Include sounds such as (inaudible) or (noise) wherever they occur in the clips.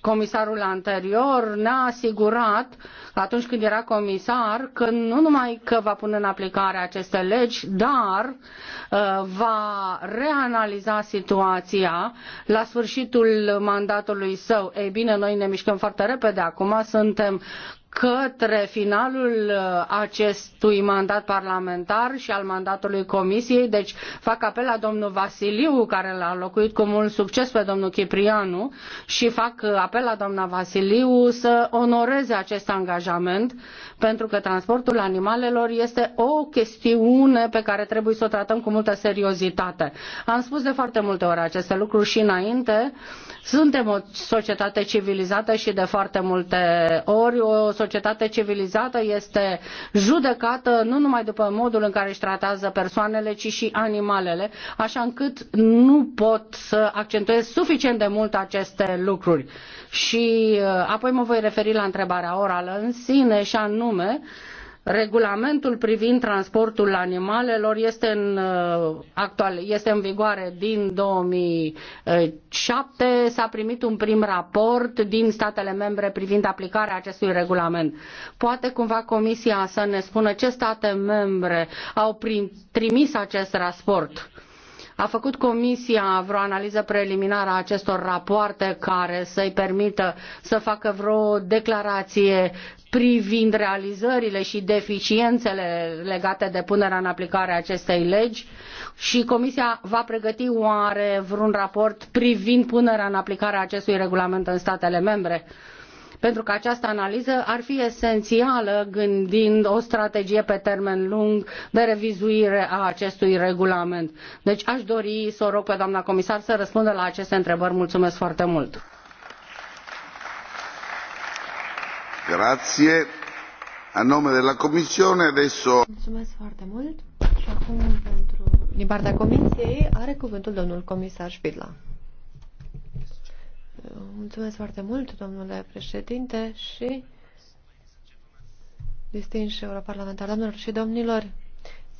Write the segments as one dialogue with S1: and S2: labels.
S1: comisarul anterior ne-a asigurat atunci când era comisar că nu numai că va pune în aplicare aceste legi, dar uh, va reanaliza situația la sfârșitul mandatului său. Ei bine, noi ne mișcăm foarte repede acum, suntem către finalul uh, acestui mandat parlamentar și al mandatului comisiei. Deci fac apel la domnul Vasiliu, care l-a locuit cu mult succes pe domnul Ciprianu și fac uh, apel la doamna Vasiliu să onoreze acest angajament, pentru că transportul animalelor este o chestiune pe care trebuie să o tratăm cu multă seriozitate. Am spus de foarte multe ori aceste lucruri și înainte. Suntem o societate civilizată și de foarte multe ori o societate civilizată este judecată nu numai după modul în care își tratează persoanele, ci și animalele, așa încât nu pot să accentuez suficient de mult aceste lucruri. Și uh, apoi mă voi referi la întrebarea orală în sine și anume, Regulamentul privind transportul animalelor este în, uh, actual, este în vigoare din 2007. S-a primit un prim raport din statele membre privind aplicarea acestui regulament. Poate cumva Comisia să ne spună ce state membre au prim, trimis acest raport? A făcut Comisia vreo analiză preliminară a acestor rapoarte care să-i permită să facă vreo declarație privind realizările și deficiențele legate de punerea în aplicare a acestei legi și Comisia va pregăti oare vreun raport privind punerea în aplicare a acestui regulament în statele membre? Pentru că această analiză ar fi esențială gândind o strategie pe termen lung de revizuire a acestui regulament. Deci aș dori să o rog pe doamna comisar să răspundă la aceste întrebări. Mulțumesc foarte mult!
S2: Grazie. A nome della Commissione adesso...
S3: Mulțumesc foarte mult. Și acum pentru... Din partea Comisiei are cuvântul domnul comisar Spidla. Mulțumesc foarte mult, domnule președinte și distinși europarlamentar, doamnelor și domnilor.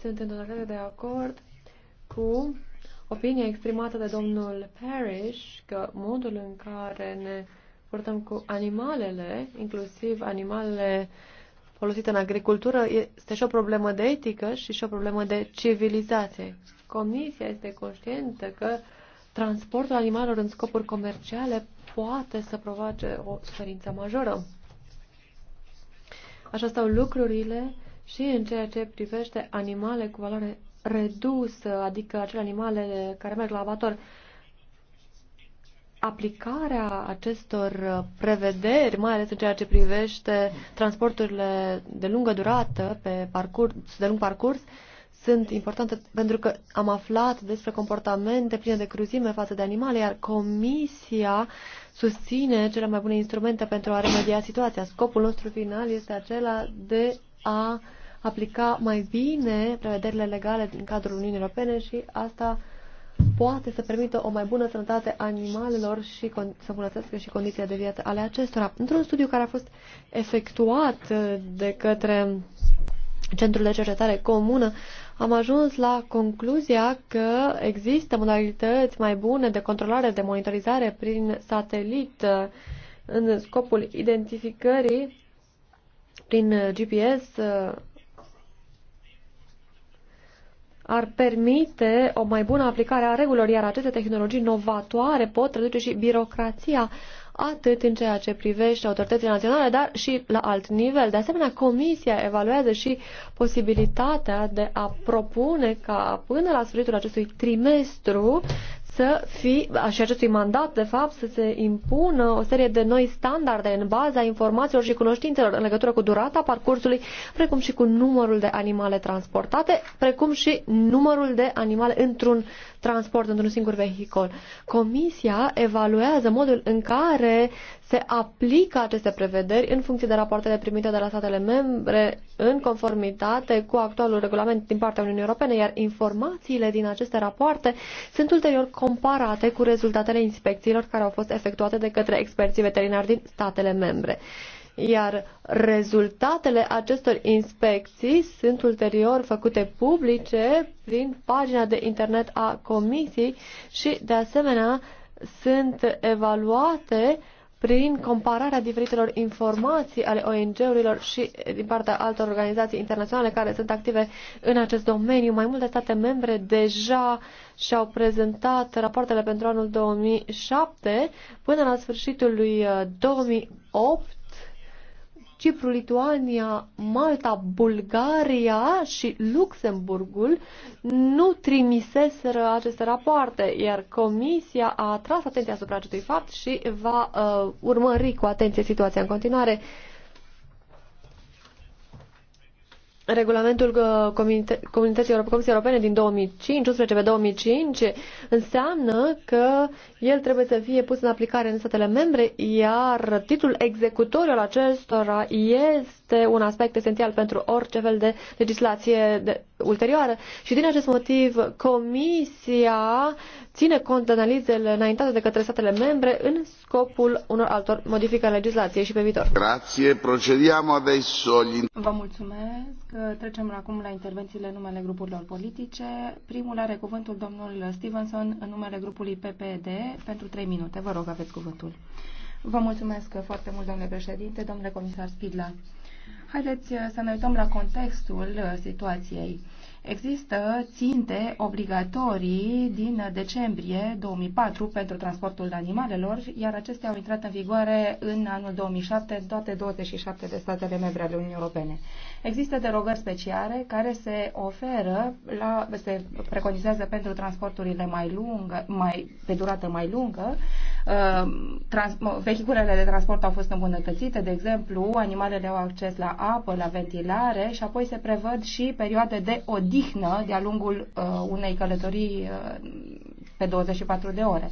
S3: Sunt în totalitate de acord cu opinia exprimată de domnul Parrish că modul în care ne purtăm cu animalele, inclusiv animalele folosite în agricultură, este și o problemă de etică și și o problemă de civilizație. Comisia este conștientă că transportul animalelor în scopuri comerciale poate să provoace o suferință majoră. Așa stau lucrurile și în ceea ce privește animale cu valoare redusă, adică acele animale care merg la abator aplicarea acestor uh, prevederi, mai ales în ceea ce privește transporturile de lungă durată, pe parcurs, de lung parcurs, sunt importante pentru că am aflat despre comportamente pline de cruzime față de animale, iar Comisia susține cele mai bune instrumente pentru a remedia situația. Scopul nostru final este acela de a aplica mai bine prevederile legale din cadrul Uniunii Europene și asta uh, poate să permită o mai bună sănătate animalelor și să îmbunătățească și condiția de viață ale acestora. Într-un studiu care a fost efectuat uh, de către Centrul de Cercetare Comună, am ajuns la concluzia că există modalități mai bune de controlare, de monitorizare prin satelit uh, în scopul identificării prin GPS uh, ar permite o mai bună aplicare a regulilor, iar aceste tehnologii novatoare pot reduce și birocrația atât în ceea ce privește autoritățile naționale, dar și la alt nivel. De asemenea, Comisia evaluează și posibilitatea de a propune ca până la sfârșitul acestui trimestru să fi, și acestui mandat, de fapt, să se impună o serie de noi standarde în baza informațiilor și cunoștințelor în legătură cu durata parcursului, precum și cu numărul de animale transportate, precum și numărul de animale într-un transport într-un singur vehicol. Comisia evaluează modul în care se aplică aceste prevederi în funcție de rapoartele primite de la statele membre în conformitate cu actualul regulament din partea Uniunii Europene, iar informațiile din aceste rapoarte sunt ulterior comparate cu rezultatele inspecțiilor care au fost efectuate de către experții veterinari din statele membre iar rezultatele acestor inspecții sunt ulterior făcute publice prin pagina de internet a comisiei și, de asemenea, sunt evaluate prin compararea diferitelor informații ale ONG-urilor și din partea altor organizații internaționale care sunt active în acest domeniu. Mai multe state membre deja și-au prezentat rapoartele pentru anul 2007 până la sfârșitul lui 2008 uh, Cipru, Lituania, Malta, Bulgaria și Luxemburgul nu trimiseseră aceste rapoarte, iar Comisia a atras atenția asupra acestui fapt și va uh, urmări cu atenție situația în continuare. Uh, regulamentul uh, Comunității Comisiei Europene din 2005, 11 pe 2005, înseamnă că el trebuie să fie pus în aplicare în statele membre, iar titlul executor al acestora este este un aspect esențial pentru orice fel de legislație de, ulterioară. Și din acest motiv, Comisia ține cont de analizele înaintate de către statele membre în scopul unor altor modificări legislației și pe viitor.
S2: Grație, procediam adesso. Vă
S4: mulțumesc. Trecem acum la intervențiile în numele grupurilor politice. Primul are cuvântul domnul Stevenson în numele grupului PPD pentru 3 minute. Vă rog, aveți cuvântul. Vă mulțumesc foarte mult, domnule președinte, domnule comisar Spidla. Haideți uh, să ne uităm la contextul uh, situației. Există ținte obligatorii din decembrie 2004 pentru transportul animalelor, iar acestea au intrat în vigoare în anul 2007 toate 27 de statele membre ale Uniunii Europene. Există derogări speciale care se oferă, la, se preconizează pentru transporturile mai lungă, mai, pe durată mai lungă. Uh, trans, vehiculele de transport au fost îmbunătățite, de exemplu, animalele au acces la apă, la ventilare și apoi se prevăd și perioade de odihnă de-a lungul uh, unei călătorii uh, pe 24 de ore.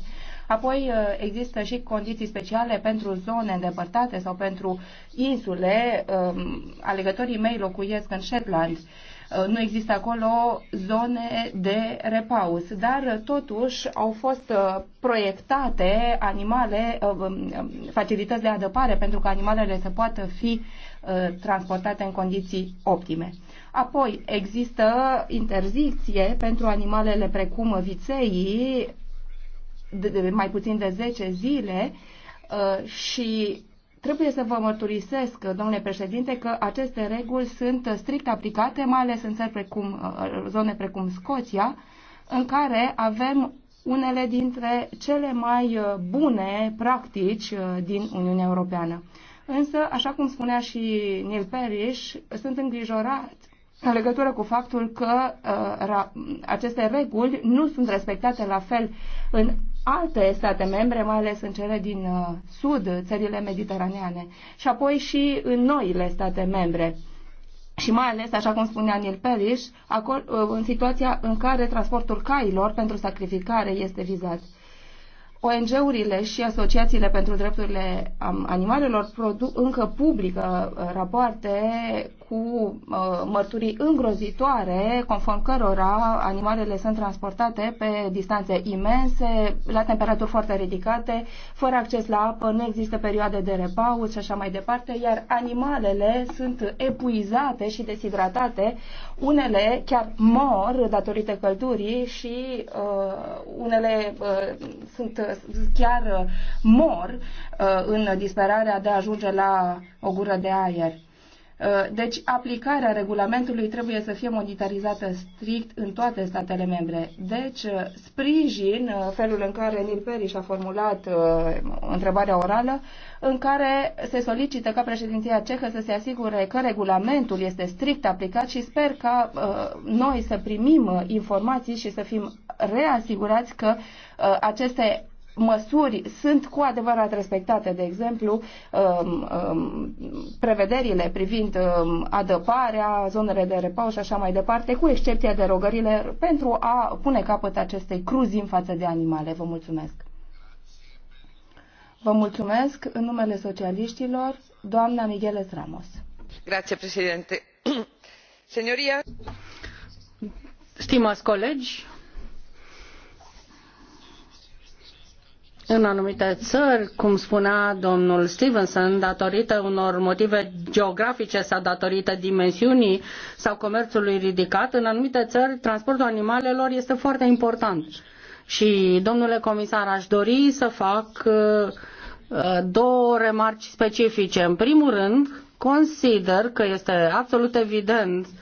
S4: Apoi uh, există și condiții speciale pentru zone îndepărtate sau pentru insule. Um, alegătorii mei locuiesc în Shetland uh, nu există acolo zone de repaus, dar uh, totuși au fost proiectate animale, um, um, facilități de adăpare pentru că animalele să poată fi transportate în condiții optime. Apoi există interzicție pentru animalele precum vițeii, de mai puțin de 10 zile uh, și Trebuie să vă mărturisesc, domnule președinte, că aceste reguli sunt strict aplicate, mai ales în țări precum, uh, zone precum Scoția, în care avem unele dintre cele mai uh, bune practici din Uniunea Europeană. Însă, așa cum spunea și Neil Parrish, sunt îngrijorat în legătură cu faptul că uh, ra, aceste reguli nu sunt respectate la fel în alte state membre, mai ales în cele din uh, sud, țările mediteraneane, și apoi și în noile state membre. Și mai ales, așa cum spunea Neil Parrish, acolo, uh, în situația în care transportul cailor pentru sacrificare este vizat. ONG-urile și asociațiile pentru drepturile animalelor încă publică uh, rapoarte cu uh, mărturii îngrozitoare, conform cărora animalele sunt transportate pe distanțe imense, la temperaturi foarte ridicate, fără acces la apă, nu există perioade de repaus și așa mai departe, iar animalele sunt epuizate și deshidratate, unele chiar mor datorită căldurii și uh, unele uh, sunt chiar mor uh, în disperarea de a ajunge la o gură de aer. Uh, deci, aplicarea regulamentului trebuie să fie monitorizată strict în toate statele membre. Deci, uh, sprijin uh, felul în care Nil Periș a formulat întrebarea orală, în care se solicită ca președinția cehă să se asigure că regulamentul este strict aplicat și sper ca noi să primim informații și să fim reasigurați că aceste măsuri sunt cu adevărat respectate, de exemplu, um, um, prevederile privind um, adăparea, zonele de repaus și așa mai departe, cu excepția derogările pentru a pune capăt acestei în față de animale. Vă mulțumesc! Vă mulțumesc în numele socialiștilor, doamna Miguele Ramos. Grație, președinte. (clears throat) Señoria...
S1: Stimați colegi, în anumite țări, cum spunea domnul Stevenson, datorită unor motive geografice sau datorită dimensiunii sau comerțului ridicat, în anumite țări transportul animalelor este foarte important. Și, domnule comisar, aș dori să fac uh, uh, două remarci specifice. În primul rând, consider că este absolut evident uh,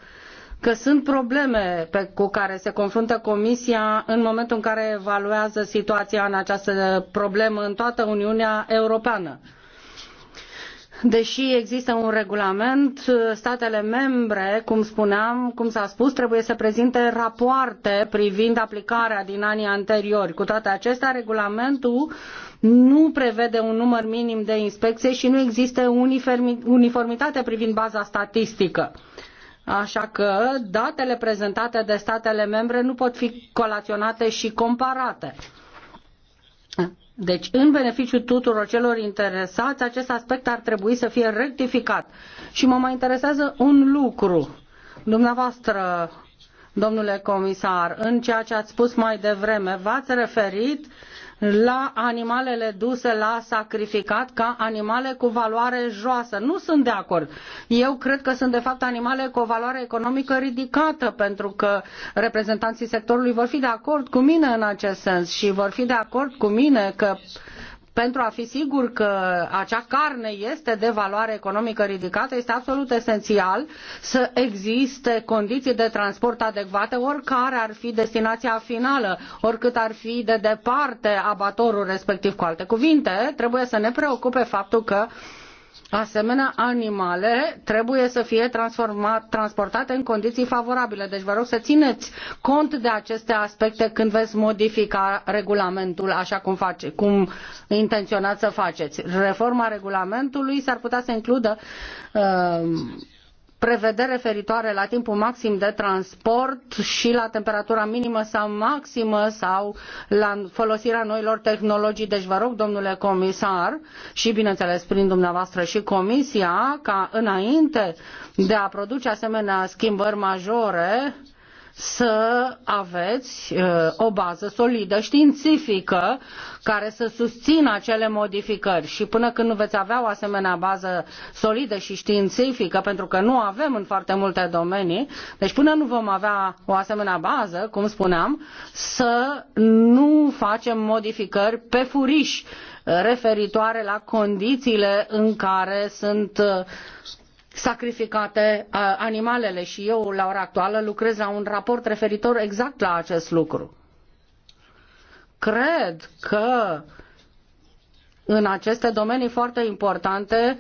S1: că sunt probleme pe, cu care se confruntă Comisia în momentul în care evaluează situația în această problemă în toată Uniunea Europeană. Deși există un regulament, statele membre, cum spuneam, cum s-a spus, trebuie să prezinte rapoarte privind aplicarea din anii anteriori. Cu toate acestea, regulamentul nu prevede un număr minim de inspecție și nu există uniformitate privind baza statistică. Uh, Așa că datele prezentate de statele membre nu pot fi colaționate și comparate. Deci, în beneficiul tuturor celor interesați, acest aspect ar trebui să fie rectificat. Și mă mai interesează un lucru. Dumneavoastră, domnule comisar, în ceea ce ați spus mai devreme, v-ați referit la animalele duse la sacrificat ca animale cu valoare joasă. Nu sunt de acord. Eu cred că sunt de fapt animale cu o valoare economică ridicată pentru că reprezentanții sectorului vor fi de acord cu mine în acest sens și vor fi de acord cu mine că pentru a fi sigur că acea carne este de valoare economică ridicată, este absolut esențial să existe condiții de transport adecvate, oricare ar fi destinația finală, oricât ar fi de departe abatorul respectiv. Cu alte cuvinte, trebuie să ne preocupe faptul că asemenea animale trebuie să fie transportate în condiții favorabile. Deci vă rog să țineți cont de aceste aspecte când veți modifica regulamentul așa cum, face, cum intenționați să faceți. Reforma regulamentului s-ar putea să includă uh, prevederi referitoare la timpul maxim de transport și la temperatura minimă sau maximă sau la folosirea noilor tehnologii. Deci vă rog, domnule comisar, și bineînțeles prin dumneavoastră și comisia, ca înainte de a produce asemenea schimbări majore, să aveți uh, o bază solidă științifică care să susțină acele modificări și până când nu veți avea o asemenea bază solidă și științifică, pentru că nu avem în foarte multe domenii, deci până nu vom avea o asemenea bază, cum spuneam, să nu facem modificări pe furiș uh, referitoare la condițiile în care sunt uh, sacrificate uh, animalele și eu la ora actuală lucrez la un raport referitor exact la acest lucru. Cred că în aceste domenii foarte importante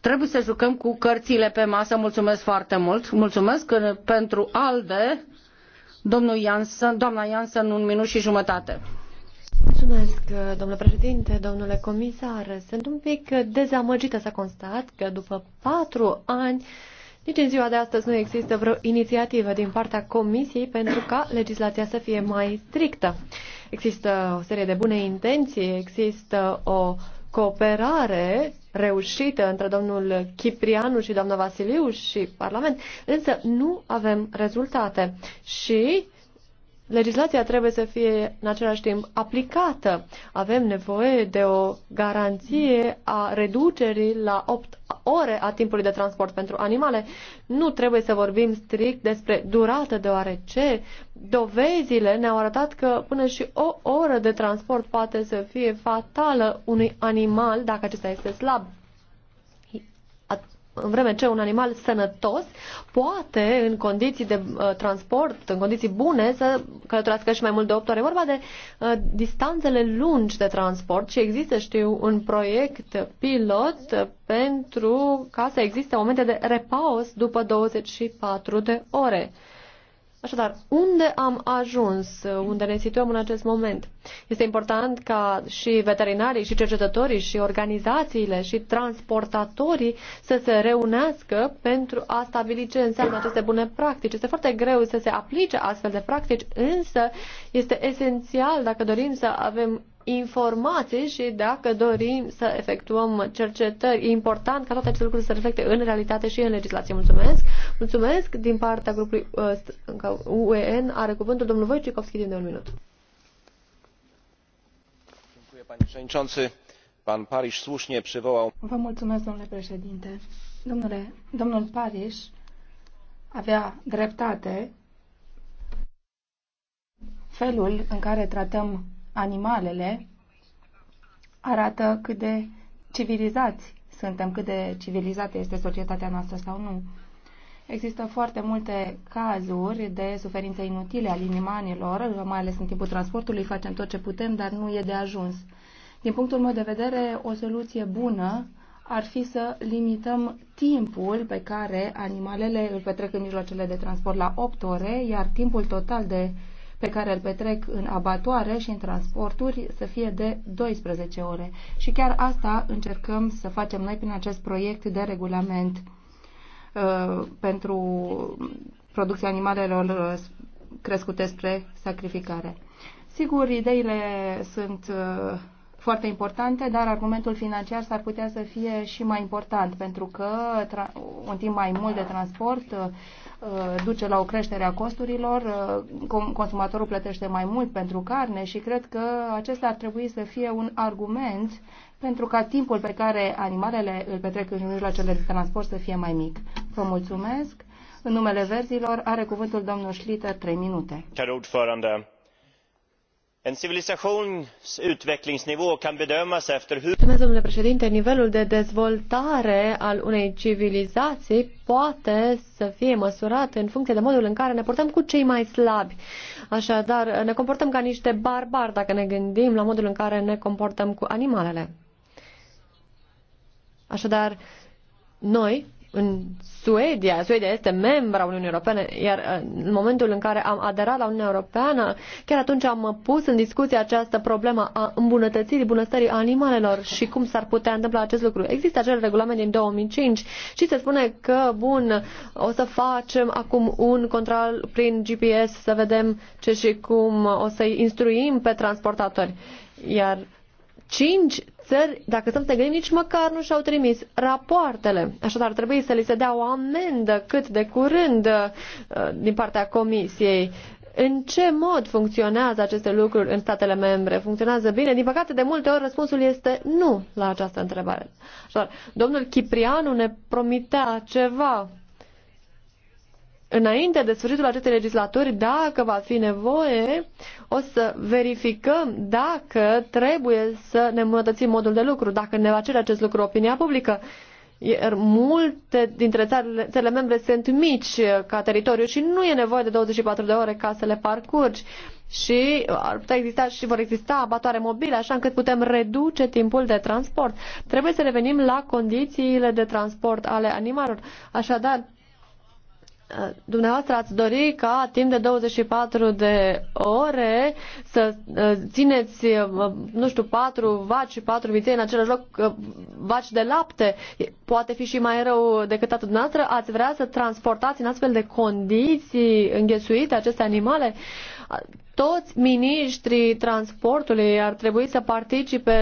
S1: trebuie să jucăm cu cărțile pe masă. Mulțumesc foarte mult. Mulțumesc pentru ALDE. Domnul Janssen, doamna Janssen, un minut și jumătate.
S3: Mulțumesc, domnule președinte, domnule comisar. Sunt un pic dezamăgită să constat că după patru ani nici în ziua de astăzi nu există vreo inițiativă din partea Comisiei pentru ca legislația să fie mai strictă. Există o serie de bune intenții, există o cooperare reușită între domnul Chiprianu și doamna Vasiliu și Parlament, însă nu avem rezultate. Și legislația trebuie să fie în același timp aplicată. Avem nevoie de o garanție a reducerii la 8 ore a timpului de transport pentru animale. Nu trebuie să vorbim strict despre durată, deoarece dovezile ne-au arătat că până și o oră de transport poate să fie fatală unui animal dacă acesta este slab în vreme ce un animal sănătos poate, în condiții de uh, transport, în condiții bune, să călătorească și mai mult de 8 ore. E vorba de uh, distanțele lungi de transport și există, știu, un proiect pilot pentru ca să existe momente de repaus după 24 de ore. Așadar, unde am ajuns, uh, unde ne situăm în acest moment? Este important ca și veterinarii, și cercetătorii, și organizațiile, și transportatorii să se reunească pentru a stabili ce înseamnă aceste bune practici. Este foarte greu să se aplice astfel de practici, însă este esențial dacă dorim să avem informații și dacă dorim să efectuăm cercetări. E important ca toate aceste lucruri să reflecte în realitate și în legislație. Mulțumesc! Mulțumesc din partea grupului UEN. Uh, Are cuvântul domnul Wojciechowski din de un minut.
S4: Vă mulțumesc, domnule președinte. Domnule, domnul Paris, avea dreptate felul în care tratăm animalele arată cât de civilizați suntem, cât de civilizată este societatea noastră sau nu. Există foarte multe cazuri de suferințe inutile al inimanilor, mai ales în timpul transportului, facem tot ce putem, dar nu e de ajuns. Din punctul meu de vedere, o soluție bună ar fi să limităm timpul pe care animalele îl petrec în mijloacele de transport la 8 ore, iar timpul total de pe care îl petrec în abatoare și în transporturi să fie de 12 ore. Și chiar asta încercăm să facem noi prin acest proiect de regulament uh, pentru producția animalelor uh, crescute spre sacrificare. Sigur, ideile sunt uh, foarte importante, dar argumentul financiar s-ar putea să fie și mai important, pentru că un timp mai mult de transport uh, Uh, duce la o creștere a costurilor, uh, consumatorul plătește mai mult pentru carne și cred că acesta ar trebui să fie un argument pentru ca timpul pe care animalele îl petrec în mijloacele de transport să fie mai mic. Vă mulțumesc! În numele verzilor are cuvântul domnul Schlitter 3 minute.
S3: Herr domnule președinte nivelul de dezvoltare al unei civilizații poate să fie măsurat în funcție de modul în care ne purtăm cu cei mai slabi. Așadar, ne comportăm ca niște barbari dacă ne gândim la modul în care ne comportăm cu animalele. Așadar, noi în Suedia. Suedia este membra Uniunii Europene, iar uh, în momentul în care am aderat la Uniunea Europeană, chiar atunci am pus în discuție această problemă a îmbunătățirii bunăstării animalelor și cum s-ar putea întâmpla acest lucru. Există acel regulament din 2005 și se spune că, bun, o să facem acum un control prin GPS să vedem ce și cum o să-i instruim pe transportatori. Iar Cinci țări, dacă să ne gândim, nici măcar nu și-au trimis rapoartele. Așadar, trebuie să li se dea o amendă cât de curând uh, din partea Comisiei. În ce mod funcționează aceste lucruri în statele membre? Funcționează bine? Din păcate, de multe ori răspunsul este nu la această întrebare. Așadar, domnul Ciprianu ne promitea ceva înainte de sfârșitul acestei legislaturi, dacă va fi nevoie, o să verificăm dacă trebuie să ne îmbunătățim modul de lucru, dacă ne va cere acest lucru opinia publică. Iar er, multe dintre țările, țările membre sunt mici ca teritoriu și nu e nevoie de 24 de ore ca să le parcurgi și ar putea exista și vor exista abatoare mobile, așa încât putem reduce timpul de transport. Trebuie să revenim la condițiile de transport ale animalelor. Așadar, dumneavoastră ați dori ca timp de 24 de ore să uh, țineți, uh, nu știu, patru vaci și patru viței în același loc, uh, vaci de lapte, poate fi și mai rău decât atât dumneavoastră, ați vrea să transportați în astfel de condiții înghesuite aceste animale? Uh, toți miniștrii transportului ar trebui să participe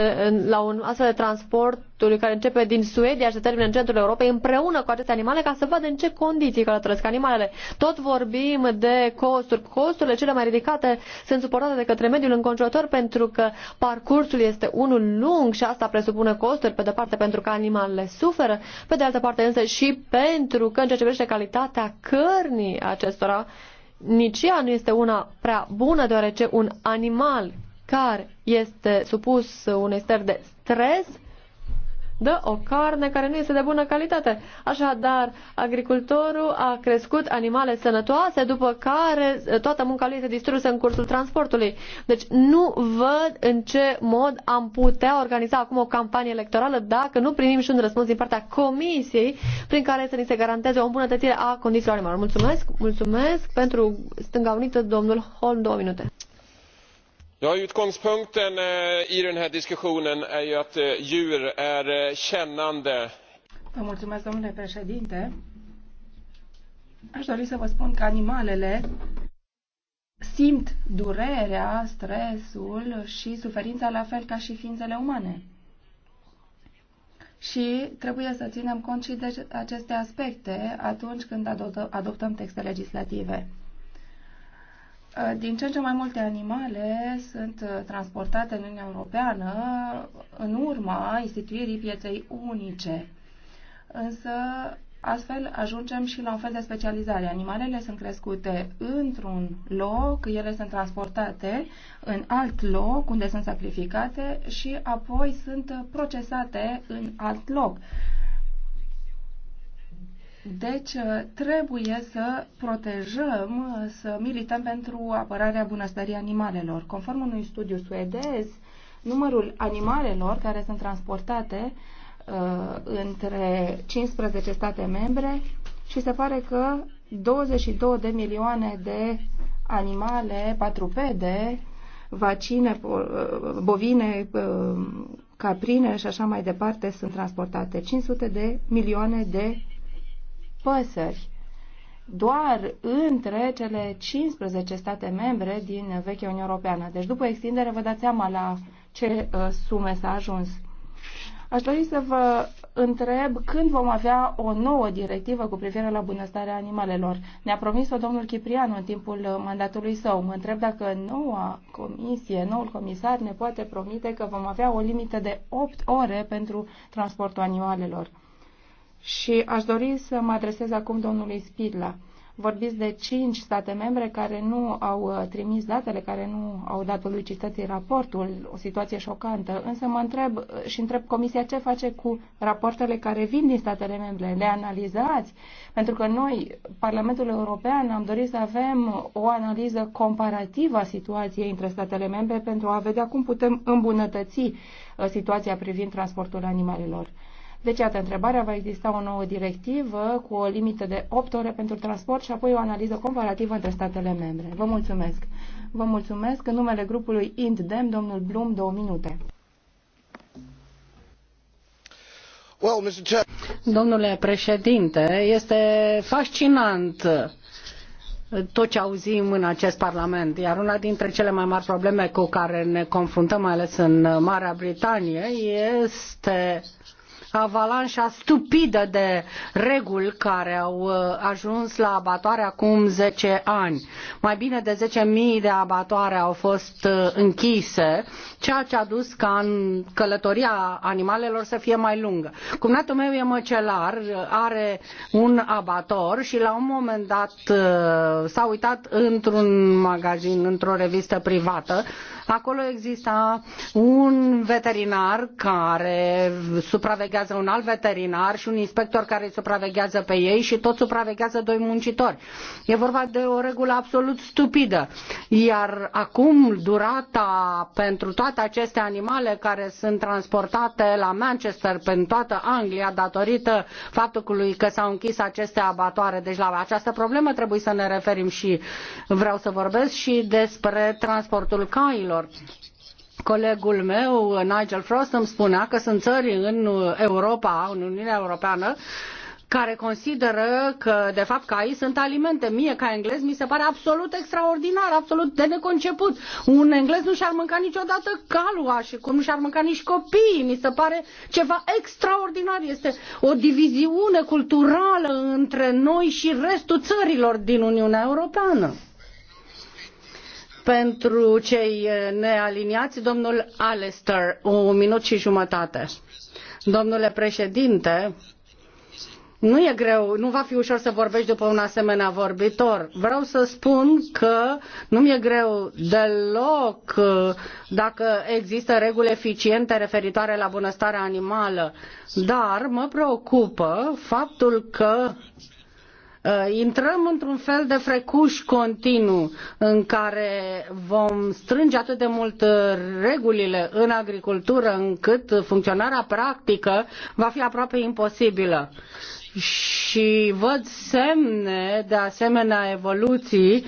S3: la un astfel de transportului care începe din Suedia și se termină în centrul Europei împreună cu aceste animale ca să vadă în ce condiții călătoresc animalele. Tot vorbim de costuri. Costurile cele mai ridicate sunt suportate de către mediul înconjurător pentru că parcursul este unul lung și asta presupune costuri, pe de parte pentru că animalele suferă, pe de altă parte însă și pentru că în ceea ce privește calitatea cărnii acestora, nici ea nu este una prea bună, deoarece un animal care este supus unui stări de stres dă o carne care nu este de bună calitate. Așadar, agricultorul a crescut animale sănătoase, după care eh, toată munca lui este distrusă în cursul transportului. Deci nu văd în ce mod am putea organiza acum o campanie electorală dacă nu primim și un răspuns din partea Comisiei prin care să ni se garanteze o îmbunătățire a condițiilor animalelor. Mulțumesc, mulțumesc pentru Stânga Unită, domnul Holm, două minute. Utgångspunkten eh, i den här diskussionen är att eh, djur är eh, kännande.
S4: Vă mulțumesc, domnule președinte. Aș dori să vă spun că animalele simt durerea, stresul și suferința la fel ca și ființele umane. Și trebuie să ținem cont și de aceste aspecte atunci când adoptăm texte legislative. Uh, din ce în ce mai multe animale sunt uh, transportate în Uniunea Europeană uh, în urma instituirii pieței unice. Însă, astfel ajungem și la un fel de specializare. Animalele sunt crescute într-un loc, ele sunt transportate în alt loc unde sunt sacrificate și apoi sunt procesate în alt loc. Deci uh, trebuie să protejăm, uh, să milităm pentru apărarea bunăstării animalelor. Conform unui studiu suedez, numărul animalelor care sunt transportate uh, între 15 state membre și se pare că 22 de milioane de animale patrupede, vacine, uh, bovine, caprine și așa mai departe sunt transportate. 500 de milioane de păsări doar între cele 15 state membre din vechea Uniune Europeană. Deci după extindere vă dați seama la ce uh, sume s-a ajuns. Aș dori să vă întreb când vom avea o nouă directivă cu privire la bunăstarea animalelor. Ne-a promis-o domnul Chiprianu în timpul uh, mandatului său. Mă întreb dacă noua comisie, noul comisar ne poate promite că vom avea o limită de 8 ore pentru transportul animalelor. Și aș dori să mă adresez acum domnului Spidla. Vorbiți de cinci state membre care nu au uh, trimis datele, care nu au dat publicității raportul, o situație șocantă. Însă mă întreb uh, și întreb Comisia ce face cu rapoartele care vin din statele membre. Le analizați? Pentru că noi, Parlamentul European, am dorit să avem o analiză comparativă a situației între statele membre pentru a vedea cum putem îmbunătăți uh, situația privind transportul animalelor. Deci, iată, întrebarea, va exista o nouă directivă cu o limită de 8 ore pentru transport și apoi o analiză comparativă între statele membre. Vă mulțumesc! Vă mulțumesc în numele grupului INDEM, domnul Blum, două minute.
S1: Domnule președinte, este fascinant tot ce auzim în acest Parlament, iar una dintre cele mai mari probleme cu care ne confruntăm, mai ales în Marea Britanie, este uh, avalanșa stupidă de reguli care au uh, ajuns la abatoare acum zece ani. Mai bine de 10.000 de abatoare au fost uh, închise, ceea ce a dus ca în călătoria animalelor să fie mai lungă. Cumnatul meu e măcelar, are un abator și la un moment dat uh, s-a uitat într-un magazin, într-o revistă privată, Acolo exista un veterinar care supraveghează un alt veterinar și un inspector care îi supraveghează pe ei și tot supraveghează doi muncitori. E vorba de o regulă absolut stupidă. Iar acum durata pentru toate aceste animale care sunt transportate la Manchester, pentru toată Anglia, datorită faptului că s-au închis aceste abatoare. Deci la această problemă trebuie să ne referim și vreau să vorbesc și despre transportul cailor datelor. Colegul meu, Nigel Frost, îmi spunea că sunt țări în Europa, în Uniunea Europeană, care consideră că, de fapt, că aici sunt alimente. Mie, ca englez, mi se pare absolut extraordinar, absolut de neconceput. Un englez nu și-ar mânca niciodată calua și cum nu și-ar mânca nici copiii. Mi se pare ceva extraordinar. Este o diviziune culturală între noi și restul țărilor din Uniunea Europeană. Pentru cei eh, nealiniați, domnul Alistair, un minut și jumătate. Domnule președinte, nu e greu, nu va fi ușor să vorbești după un asemenea vorbitor. Vreau să spun că nu mi-e greu deloc eh, dacă există reguli eficiente referitoare la bunăstarea animală, dar mă preocupă faptul că Uh, intrăm într-un fel de frecuș continuu în care vom strânge atât de mult uh, regulile în agricultură încât funcționarea practică va fi aproape imposibilă și văd semne de asemenea evoluții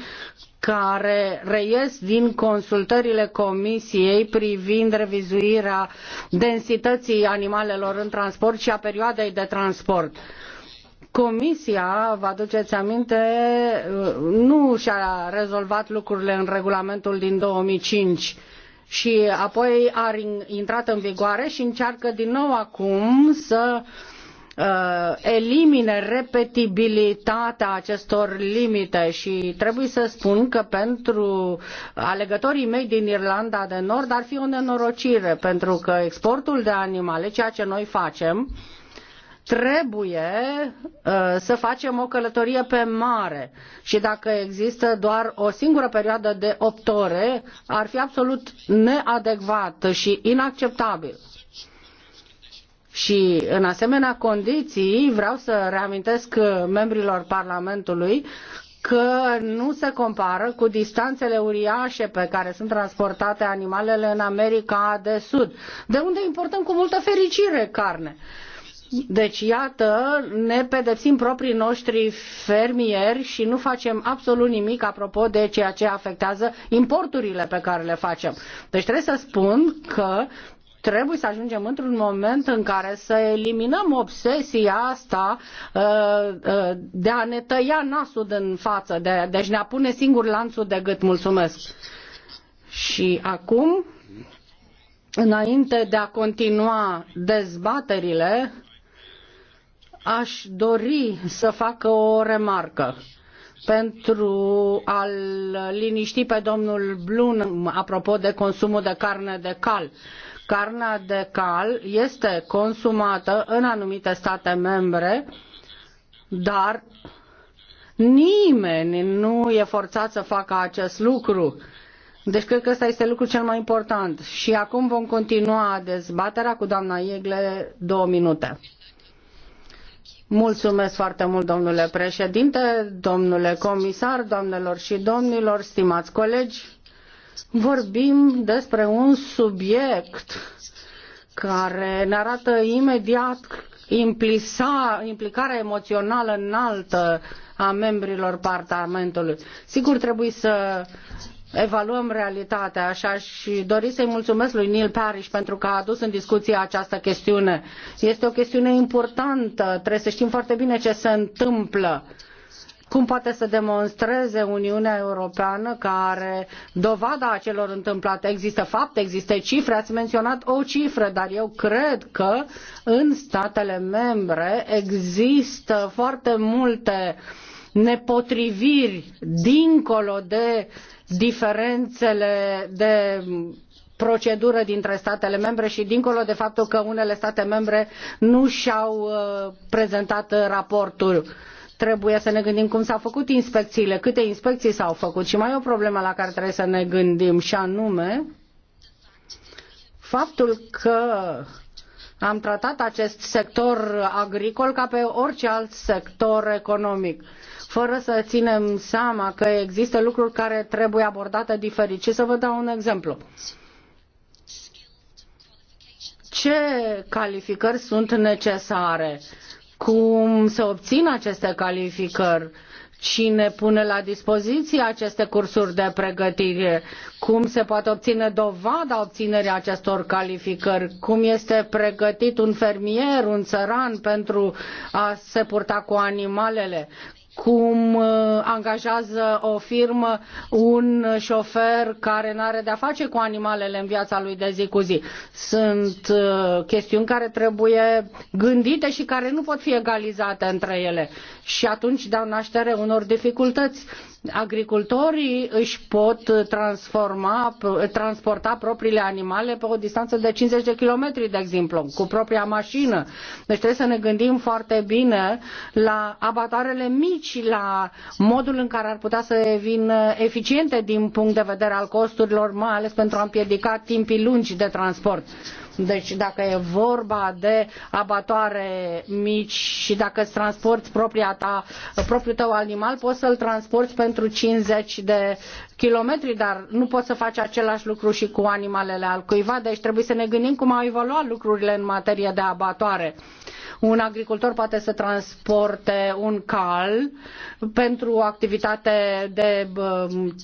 S1: care reies din consultările comisiei privind revizuirea densității animalelor în transport și a perioadei de transport. Uh, Comisia, vă aduceți aminte, nu și-a rezolvat lucrurile în regulamentul din 2005 și apoi a intrat în vigoare și încearcă din nou acum să uh, elimine repetibilitatea acestor limite și trebuie să spun că pentru alegătorii mei din Irlanda de Nord ar fi o nenorocire pentru că exportul de animale, ceea ce noi facem, uh, trebuie uh, să facem o călătorie pe mare și dacă există doar o singură perioadă de opt ore, ar fi absolut neadecvat și inacceptabil. Și în asemenea condiții vreau să reamintesc membrilor Parlamentului că nu se compară cu distanțele uriașe pe care sunt transportate animalele în America de Sud, de unde importăm cu multă fericire carne. Uh, deci, iată, ne pedepsim proprii noștri fermieri și nu facem absolut nimic apropo de ceea ce afectează importurile pe care le facem. Deci trebuie să spun că trebuie să ajungem într-un moment în care să eliminăm obsesia asta uh, uh, de a ne tăia nasul din față, de, deci ne a pune singur lanțul de gât. Mulțumesc! Și acum, înainte de a continua dezbaterile, aș dori să facă o remarcă pentru a-l liniști pe domnul Blum apropo de consumul de carne de cal. Carnea de cal este consumată în anumite state membre, dar nimeni nu e forțat să facă acest lucru. Deci cred că ăsta este lucrul cel mai important. Și acum vom continua dezbaterea cu doamna Iegle două minute. Mulțumesc foarte mult, domnule președinte, domnule comisar, doamnelor și domnilor, stimați colegi. Vorbim despre un subiect care ne arată imediat implisa, implicarea emoțională înaltă a membrilor Parlamentului. Sigur, trebuie să evaluăm realitatea și dori să-i mulțumesc lui Neil Parish pentru că a adus în discuție această chestiune. Este o chestiune importantă, trebuie să știm foarte bine ce se întâmplă cum poate să demonstreze Uniunea Europeană care dovada a celor întâmplate. Există fapte, există cifre, ați menționat o cifră, dar eu cred că în statele membre există foarte multe uh, nepotriviri dincolo de diferențele de procedură dintre statele membre și dincolo de faptul că unele state membre nu și-au uh, prezentat raportul. Trebuie să ne gândim cum s-au făcut inspecțiile, câte inspecții s-au făcut și mai e o problemă la care trebuie să ne gândim și anume faptul că am tratat acest sector agricol ca pe orice alt sector economic fără să ținem seama că există lucruri care trebuie abordate diferit. Și să vă dau un exemplu. Ce calificări sunt necesare? Cum se obțin aceste calificări? cine pune la dispoziție aceste cursuri de pregătire, cum se poate obține dovada obținerii acestor calificări, cum este pregătit un fermier, un țăran pentru a se purta cu animalele, cum uh, angajează o firmă un șofer care nu are de-a face cu animalele în viața lui de zi cu zi. Sunt uh, chestiuni care trebuie gândite și care nu pot fi egalizate între ele și atunci dau naștere unor dificultăți agricultorii își pot transforma, transporta propriile animale pe o distanță de 50 de kilometri, de exemplu, cu propria mașină. Deci trebuie să ne gândim foarte bine la abatoarele mici, la modul în care ar putea să devină eficiente din punct de vedere al costurilor, mai ales pentru a împiedica timpii lungi de transport. Deci dacă e vorba de abatoare mici și dacă îți transporti propria ta, propriul tău animal, poți să-l transporti pentru 50 de kilometri, dar nu poți să faci același lucru și cu animalele altcuiva, deci trebuie să ne gândim cum au evoluat lucrurile în materie de abatoare. Un agricultor poate să transporte un cal pentru o activitate de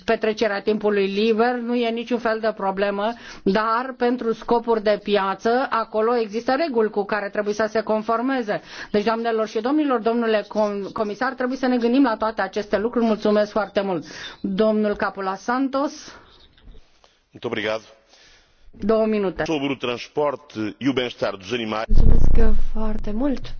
S1: petrecere a timpului liber, nu e niciun fel de problemă, dar pentru scopuri de piață, acolo există reguli cu care trebuie să se conformeze. Deci, doamnelor și domnilor, domnule comisar, trebuie să ne gândim la toate aceste lucruri. Mulțumesc foarte mult. Domnul Capula Santos.
S2: Muito obrigado transport
S3: mult.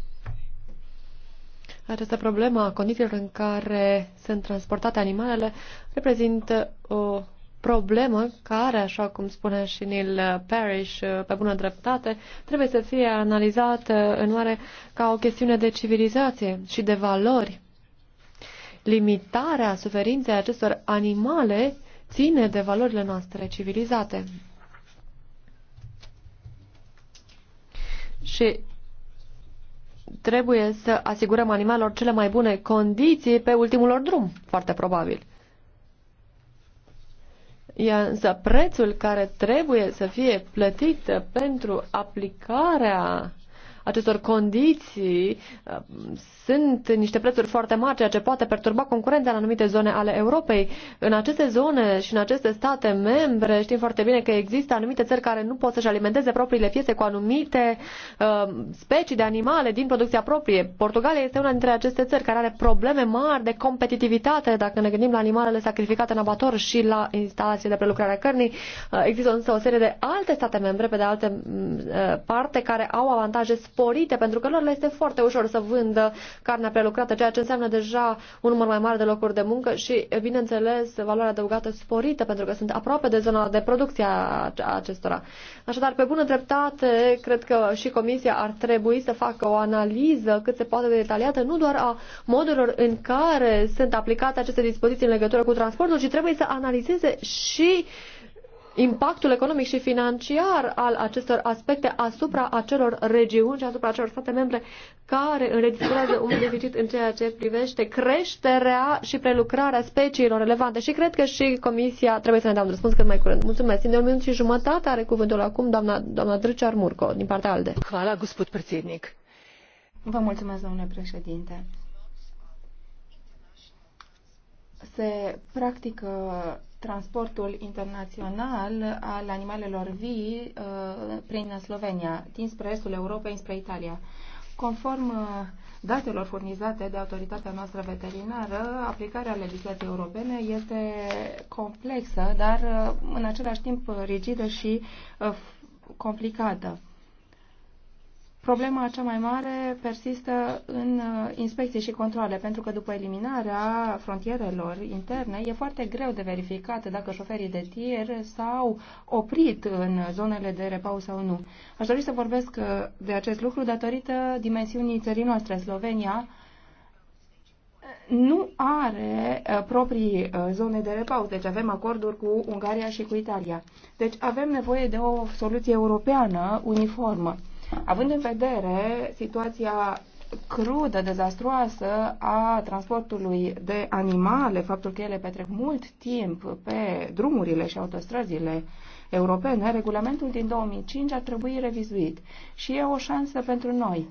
S3: Această problemă a condițiilor în care sunt transportate animalele reprezintă o problemă care, așa cum spune și Neil Parrish pe bună dreptate, trebuie să fie analizată în oare ca o chestiune de civilizație și de valori. Limitarea suferinței acestor animale ține de valorile noastre civilizate. și trebuie să asigurăm animalelor cele mai bune condiții pe ultimul lor drum, foarte probabil. Iar însă prețul care trebuie să fie plătit pentru aplicarea acestor condiții uh, sunt niște prețuri foarte mari, ceea ce poate perturba concurența în anumite zone ale Europei. În aceste zone și în aceste state membre știm foarte bine că există anumite țări care nu pot să-și alimenteze propriile piețe cu anumite uh, specii de animale din producția proprie. Portugalia este una dintre aceste țări care are probleme mari de competitivitate dacă ne gândim la animalele sacrificate în abator și la instalații de prelucrare a cărnii. Uh, există însă o serie de alte state membre, pe de altă mm, uh, parte, care au avantaje sporite, pentru că lor le este foarte ușor să vândă carnea prelucrată, ceea ce înseamnă deja un număr mai mare de locuri de muncă și, bineînțeles, valoarea adăugată sporită, pentru că sunt aproape de zona de producție a acestora. Așadar, pe bună dreptate, cred că și Comisia ar trebui să facă o analiză cât se poate de detaliată, nu doar a modurilor în care sunt aplicate aceste dispoziții în legătură cu transportul, ci trebuie să analizeze și uh, impactul economic și financiar al acestor aspecte asupra acelor regiuni și asupra acelor state membre care înregistrează un deficit în ceea ce privește creșterea și prelucrarea speciilor relevante. Și cred că și Comisia trebuie să ne dea un răspuns cât mai curând. Mulțumesc. De un minut și jumătate are cuvântul acum doamna, doamna Drăcear Murco din partea ALDE. Hvala, gospod
S4: predsednik. Vă mulțumesc, domnule președinte. Se practică transportul internațional al animalelor vii uh, prin Slovenia, dinspre estul Europei, spre Italia. Conform uh, datelor furnizate de autoritatea noastră veterinară, aplicarea legislației europene este complexă, dar uh, în același timp rigidă și complicată. Problema cea mai mare persistă în uh, inspecții și controle, pentru că după eliminarea frontierelor interne e foarte greu de verificat dacă șoferii de tir s-au oprit în zonele de repaus sau nu. Aș dori să vorbesc uh, de acest lucru datorită dimensiunii țării noastre. Slovenia nu are uh, proprii zone de repaus, deci avem acorduri cu Ungaria și cu Italia. Deci avem nevoie de o soluție europeană uniformă. Având în vedere situația crudă, dezastruoasă a transportului de animale, faptul că ele petrec mult timp pe drumurile și autostrăzile europene, regulamentul din 2005 ar trebui revizuit și e o șansă pentru noi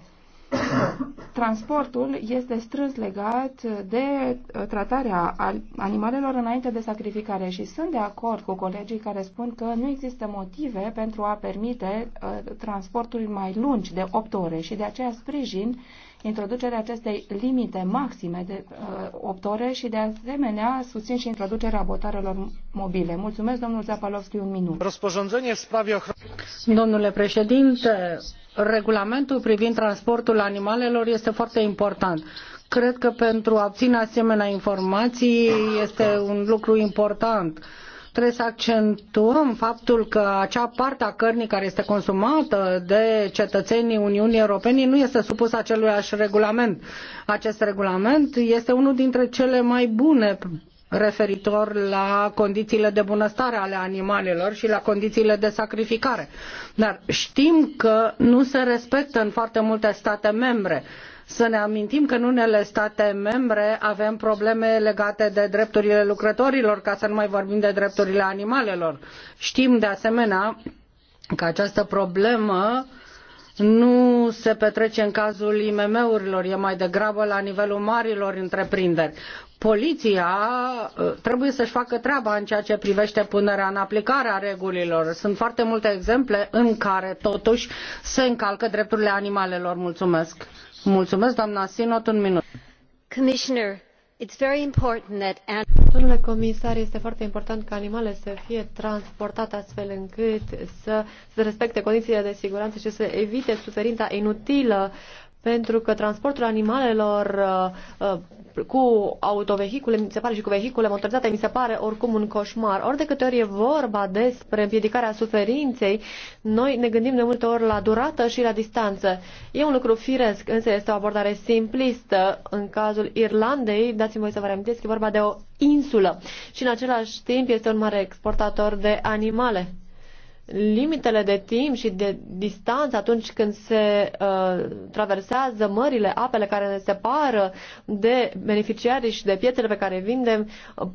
S4: transportul este strâns legat de uh, tratarea animalelor înainte de sacrificare și sunt de acord cu colegii care spun că nu există motive pentru a permite uh, transportul mai lungi de 8 ore și de aceea sprijin introducerea acestei limite maxime de 8 uh, ore și de asemenea susțin și introducerea botarelor mobile. Mulțumesc, domnul Zapalovski, un minut.
S1: Domnule președinte, regulamentul privind transportul animalelor este foarte important. Cred că pentru a obține asemenea informații este un lucru important. Trebuie să accentuăm faptul că acea parte a cărnii care este consumată de cetățenii Uniunii Europene nu este supusă aceluiași regulament. Acest regulament este unul dintre cele mai bune referitor la condițiile de bunăstare ale animalelor și la condițiile de sacrificare. Dar știm că nu se respectă în foarte multe state membre. Să ne amintim că în unele state membre avem probleme legate de drepturile lucrătorilor, ca să nu mai vorbim de drepturile animalelor. Știm de asemenea că această problemă uh, nu se petrece în cazul IMM-urilor, e mai degrabă la nivelul marilor întreprinderi. Poliția ă, trebuie să-și facă treaba în ceea ce privește punerea în aplicare a regulilor. Sunt foarte multe exemple în care totuși se încalcă drepturile animalelor. Mulțumesc. Mulțumesc, doamna Sinot, un minut. Commissioner,
S3: Domnule comisar, este foarte important ca animalele să fie transportate astfel încât să se respecte condițiile de siguranță și să se evite suferința inutilă pentru că transportul animalelor uh, uh, cu autovehicule, mi se pare și cu vehicule motorizate, mi se pare oricum un coșmar. Ori de câte ori e vorba despre împiedicarea suferinței, noi ne gândim de multe ori la durată și la distanță. E un lucru firesc, însă este o abordare simplistă. În cazul Irlandei, dați-mi voi să vă reamintesc, e vorba de o insulă și în același timp este un mare exportator de animale limitele de timp și de distanță atunci când se uh, traversează mările, apele care ne separă de beneficiarii și de piețele pe care vindem, uh,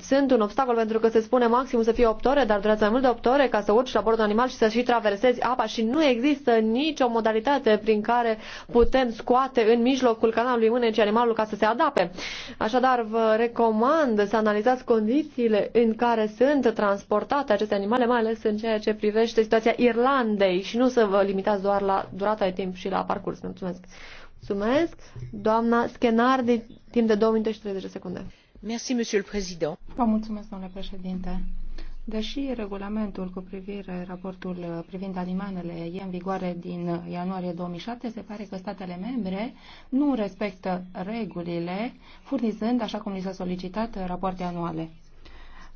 S3: sunt un obstacol pentru că se spune maxim să fie 8 ore, dar durează mai mult de 8 ore ca să urci la bordul animal și să și traversezi apa și nu există nicio modalitate prin care putem scoate în mijlocul canalului mâneci animalul ca să se adapte. Așadar, vă recomand să analizați condițiile în care sunt transportate aceste animale, mai ales în ceea ce privește situația Irlandei și nu să vă limitați doar la durata de timp și la parcurs. Mulțumesc. Mulțumesc. Doamna Schenar, de timp de 2 minute și 30 de secunde.
S4: Merci,
S1: monsieur le président.
S4: Vă mulțumesc, domnule președinte. Deși regulamentul cu privire raportul uh, privind animalele e în vigoare din ianuarie 2007, se pare că statele membre nu respectă regulile, furnizând, așa cum li s-a solicitat, rapoarte anuale.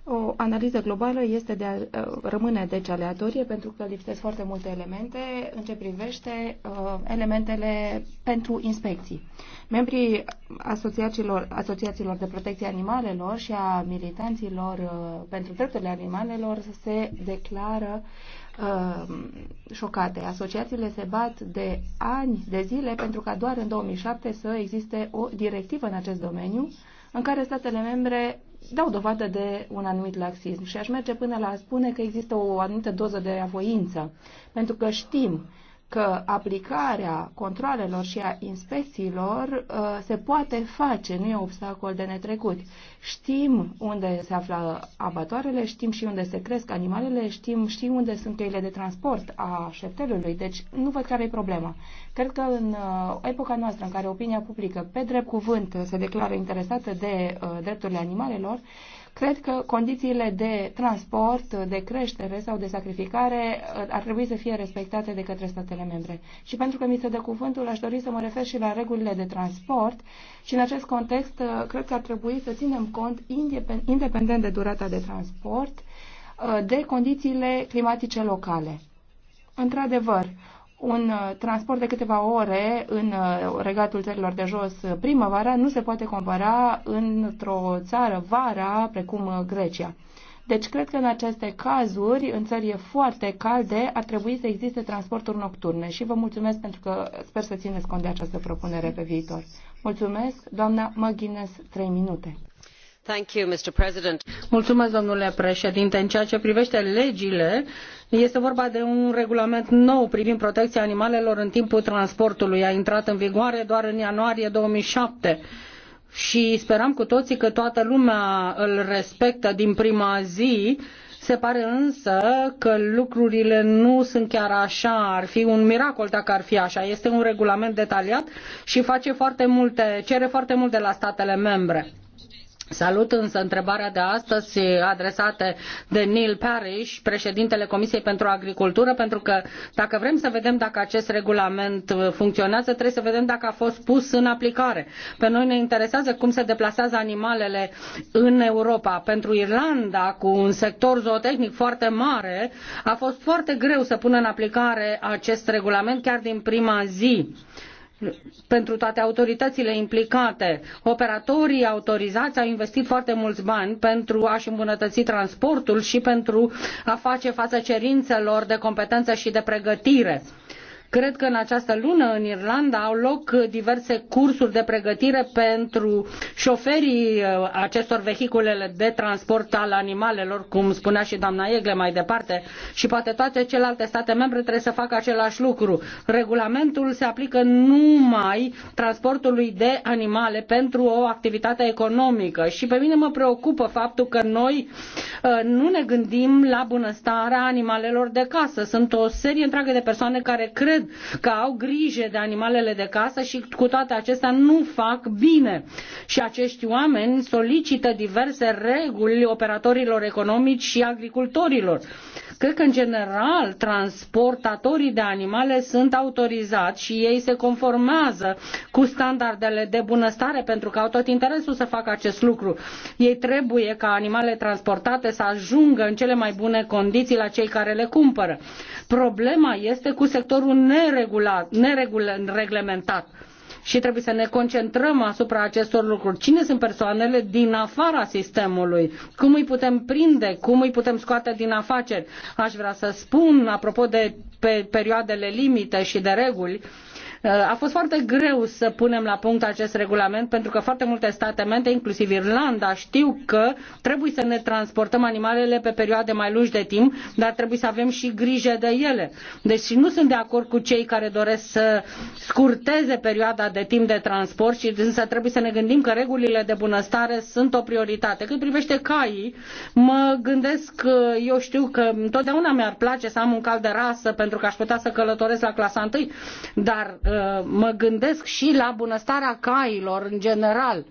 S4: O analiză globală este de a, ă, rămâne deci aleatorie pentru că lipsesc foarte multe elemente în ce privește uh, elementele pentru inspecții. Membrii asociațiilor, asociațiilor de protecție animalelor și a militanților uh, pentru drepturile animalelor se declară uh, șocate. Asociațiile se bat de ani de zile pentru ca doar în 2007 să existe o directivă în acest domeniu în care statele membre dau dovadă de un anumit laxism și aș merge până la a spune că există o anumită doză de avoință, pentru că știm că aplicarea controlelor și a inspecțiilor uh, se poate face, nu e obstacol de netrecut. Știm unde se află abatoarele, știm și unde se cresc animalele, știm și unde sunt cheile de transport a șeptelului, deci nu văd care e problema. Cred că în uh, epoca noastră în care opinia publică pe drept cuvânt se declară interesată de uh, drepturile animalelor, uh, Cred că condițiile de transport, de creștere sau de sacrificare uh, ar trebui să fie respectate de către statele membre. Și pentru că mi se dă cuvântul, aș dori să mă refer și la regulile de transport și în acest context uh, cred că ar trebui să ținem cont, independent de durata de transport, uh, de condițiile climatice locale. Într-adevăr, un uh, transport de câteva ore în uh, regatul țărilor de jos uh, primăvara nu se poate compara într-o țară vara precum Grecia. Deci cred că în aceste cazuri, în țări foarte calde, ar trebui să existe transporturi nocturne și vă mulțumesc pentru că sper să țineți cont
S1: de această propunere pe viitor.
S4: Mulțumesc, doamna Măghines, 3
S1: minute. Thank you, Mr. President. Mulțumesc, domnule președinte. În ceea ce privește legile, uh, este vorba de un regulament nou privind protecția animalelor în timpul transportului. A intrat în vigoare doar în ianuarie 2007 și sperăm cu toții că toată lumea îl respectă din prima zi. Se pare însă că lucrurile nu sunt chiar așa, ar fi un miracol dacă ar fi așa. Este un regulament detaliat și face foarte multe, cere foarte mult de la statele membre Salut însă întrebarea de astăzi adresată de Neil Parish, președintele Comisiei pentru Agricultură, pentru că dacă vrem să vedem dacă acest regulament funcționează, trebuie să vedem dacă a fost pus în aplicare. Pe noi ne interesează cum se deplasează animalele în Europa. Pentru Irlanda, cu un sector zootehnic foarte mare, a fost foarte greu să pună în aplicare acest regulament chiar din prima zi pentru toate autoritățile implicate. Operatorii autorizați au investit foarte mulți bani pentru a-și îmbunătăți transportul și pentru a face față cerințelor de competență și de pregătire. Uh, Cred că în această lună în Irlanda au loc diverse cursuri de pregătire pentru șoferii uh, acestor vehiculele de transport al animalelor, cum spunea și doamna Egle mai departe, și poate toate celelalte state membre trebuie să facă același lucru. Regulamentul se aplică numai transportului de animale pentru o activitate economică și pe mine mă preocupă faptul că noi uh, nu ne gândim la bunăstarea animalelor de casă. Sunt o serie întreagă de persoane care cred cred că au grijă de animalele de casă și cu toate acestea nu fac bine. Și acești oameni solicită diverse reguli operatorilor economici și agricultorilor Cred că, în general, transportatorii de animale sunt autorizați și ei se conformează cu standardele de bunăstare pentru că au tot interesul să facă acest lucru. Ei trebuie ca animalele transportate să ajungă în cele mai bune condiții la cei care le cumpără. Problema este cu sectorul nereglementat și trebuie să ne concentrăm asupra acestor lucruri. Cine sunt persoanele din afara sistemului? Cum îi putem prinde? Cum îi putem scoate din afaceri? Aș vrea să spun, apropo de pe perioadele limite și de reguli, uh, a fost foarte greu să punem la punct acest regulament pentru că foarte multe state membre, inclusiv Irlanda, știu că trebuie să ne transportăm animalele pe perioade mai lungi de timp, dar trebuie să avem și grijă de ele. Deci nu sunt de acord cu cei care doresc să scurteze perioada de timp de transport și însă trebuie să ne gândim că regulile de bunăstare sunt o prioritate. Cât privește caii, mă gândesc, eu știu că întotdeauna mi-ar place să am un cal de rasă pentru că aș putea să călătoresc la clasa 1, dar Uh, mă gândesc și la bunăstarea cailor în general.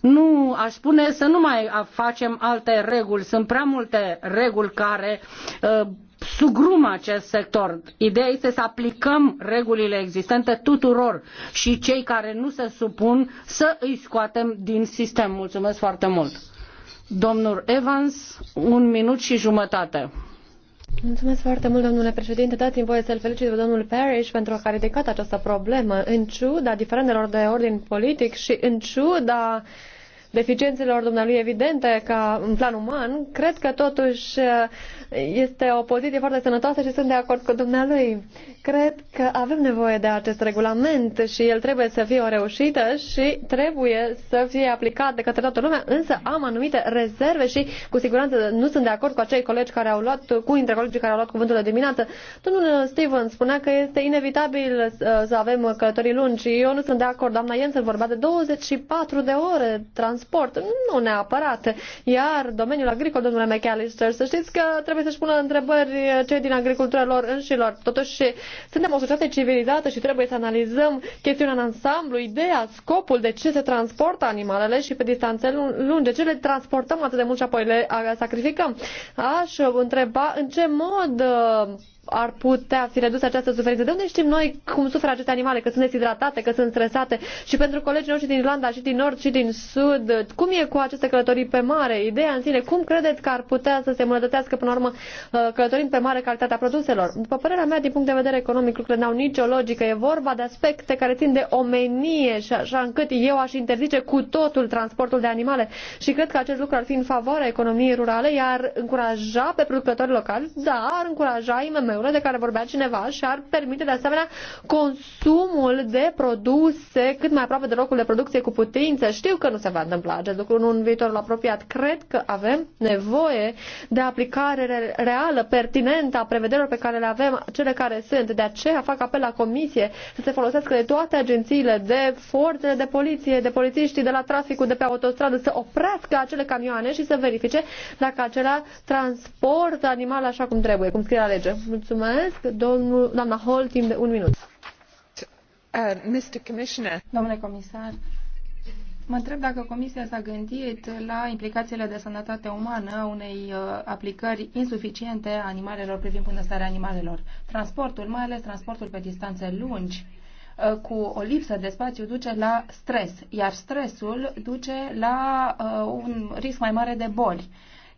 S1: Nu aș spune să nu mai facem alte reguli. Sunt prea multe reguli care uh, sugrumă acest sector. Ideea este să aplicăm regulile existente tuturor și cei care nu se supun să îi scoatem din sistem. Mulțumesc foarte mult. Domnul Evans, un minut și jumătate.
S3: Mulțumesc foarte mult, domnule președinte. Dați-mi voie să-l felicit pe domnul Parrish pentru că a ridicat această problemă, în ciuda diferendelor de ordin politic și în ciuda deficiențelor dumnealui evidente ca în plan uman, cred că totuși uh, este o poziție foarte sănătoasă și sunt de acord cu dumnealui. Cred că avem nevoie de acest regulament și el trebuie să fie o reușită și trebuie să fie aplicat de către toată lumea, însă am anumite rezerve și cu siguranță nu sunt de acord cu acei colegi care au luat, cu dintre colegii care au luat cuvântul de dimineață. Domnul Steven spunea că este inevitabil uh, să avem călătorii lungi și eu nu sunt de acord. Doamna Jensen vorbea de 24 de ore trans transport, nu neapărat. Iar domeniul agricol, domnule McAllister, să știți că trebuie să-și pună întrebări cei din agricultura lor înșilor. Totuși, suntem o societate civilizată și trebuie să analizăm chestiunea în ansamblu, ideea, scopul de ce se transportă animalele și pe distanțe lungi, ce le transportăm atât de mult și apoi le sacrificăm. Aș întreba în ce mod uh, ar putea fi redusă această suferință. De unde știm noi cum suferă aceste animale, că sunt deshidratate, că sunt stresate? Și pentru colegii noștri din Irlanda, și din nord, și din sud, cum e cu aceste călătorii pe mare? Ideea în sine, cum credeți că ar putea să se îmbunătățească, până la urmă, uh, călătorind pe mare calitatea produselor? După părerea mea, din punct de vedere economic, lucrurile n-au nicio logică. E vorba de aspecte care țin de omenie și așa încât eu aș interzice cu totul transportul de animale. Și cred că acest lucru ar fi în favoarea economiei rurale, iar încuraja pe producători locali, da, ar încuraja IMM-uri euro de care vorbea cineva și ar permite de asemenea consumul de produse cât mai aproape de locul de producție cu putință. Știu că nu se va întâmpla acest lucru în un viitorul apropiat. Cred că avem nevoie de aplicare reală, pertinentă a prevederilor pe care le avem, cele care sunt. De aceea fac apel la Comisie să se folosească de toate agențiile, de forțele de poliție, de polițiștii, de la traficul, de pe autostradă, să oprească acele camioane și să verifice dacă acelea transportă animale așa cum trebuie, cum scrie la lege. Mulțumesc. Domnul, doamna Hall, timp de un minut. Uh,
S4: Domnule comisar, Mă întreb dacă Comisia s-a gândit la implicațiile de sănătate umană a unei uh, aplicări insuficiente a animalelor privind bunăstarea animalelor. Transportul, mai ales transportul pe distanțe lungi, uh, cu o lipsă de spațiu duce la stres, iar stresul duce la un risc mai mare de boli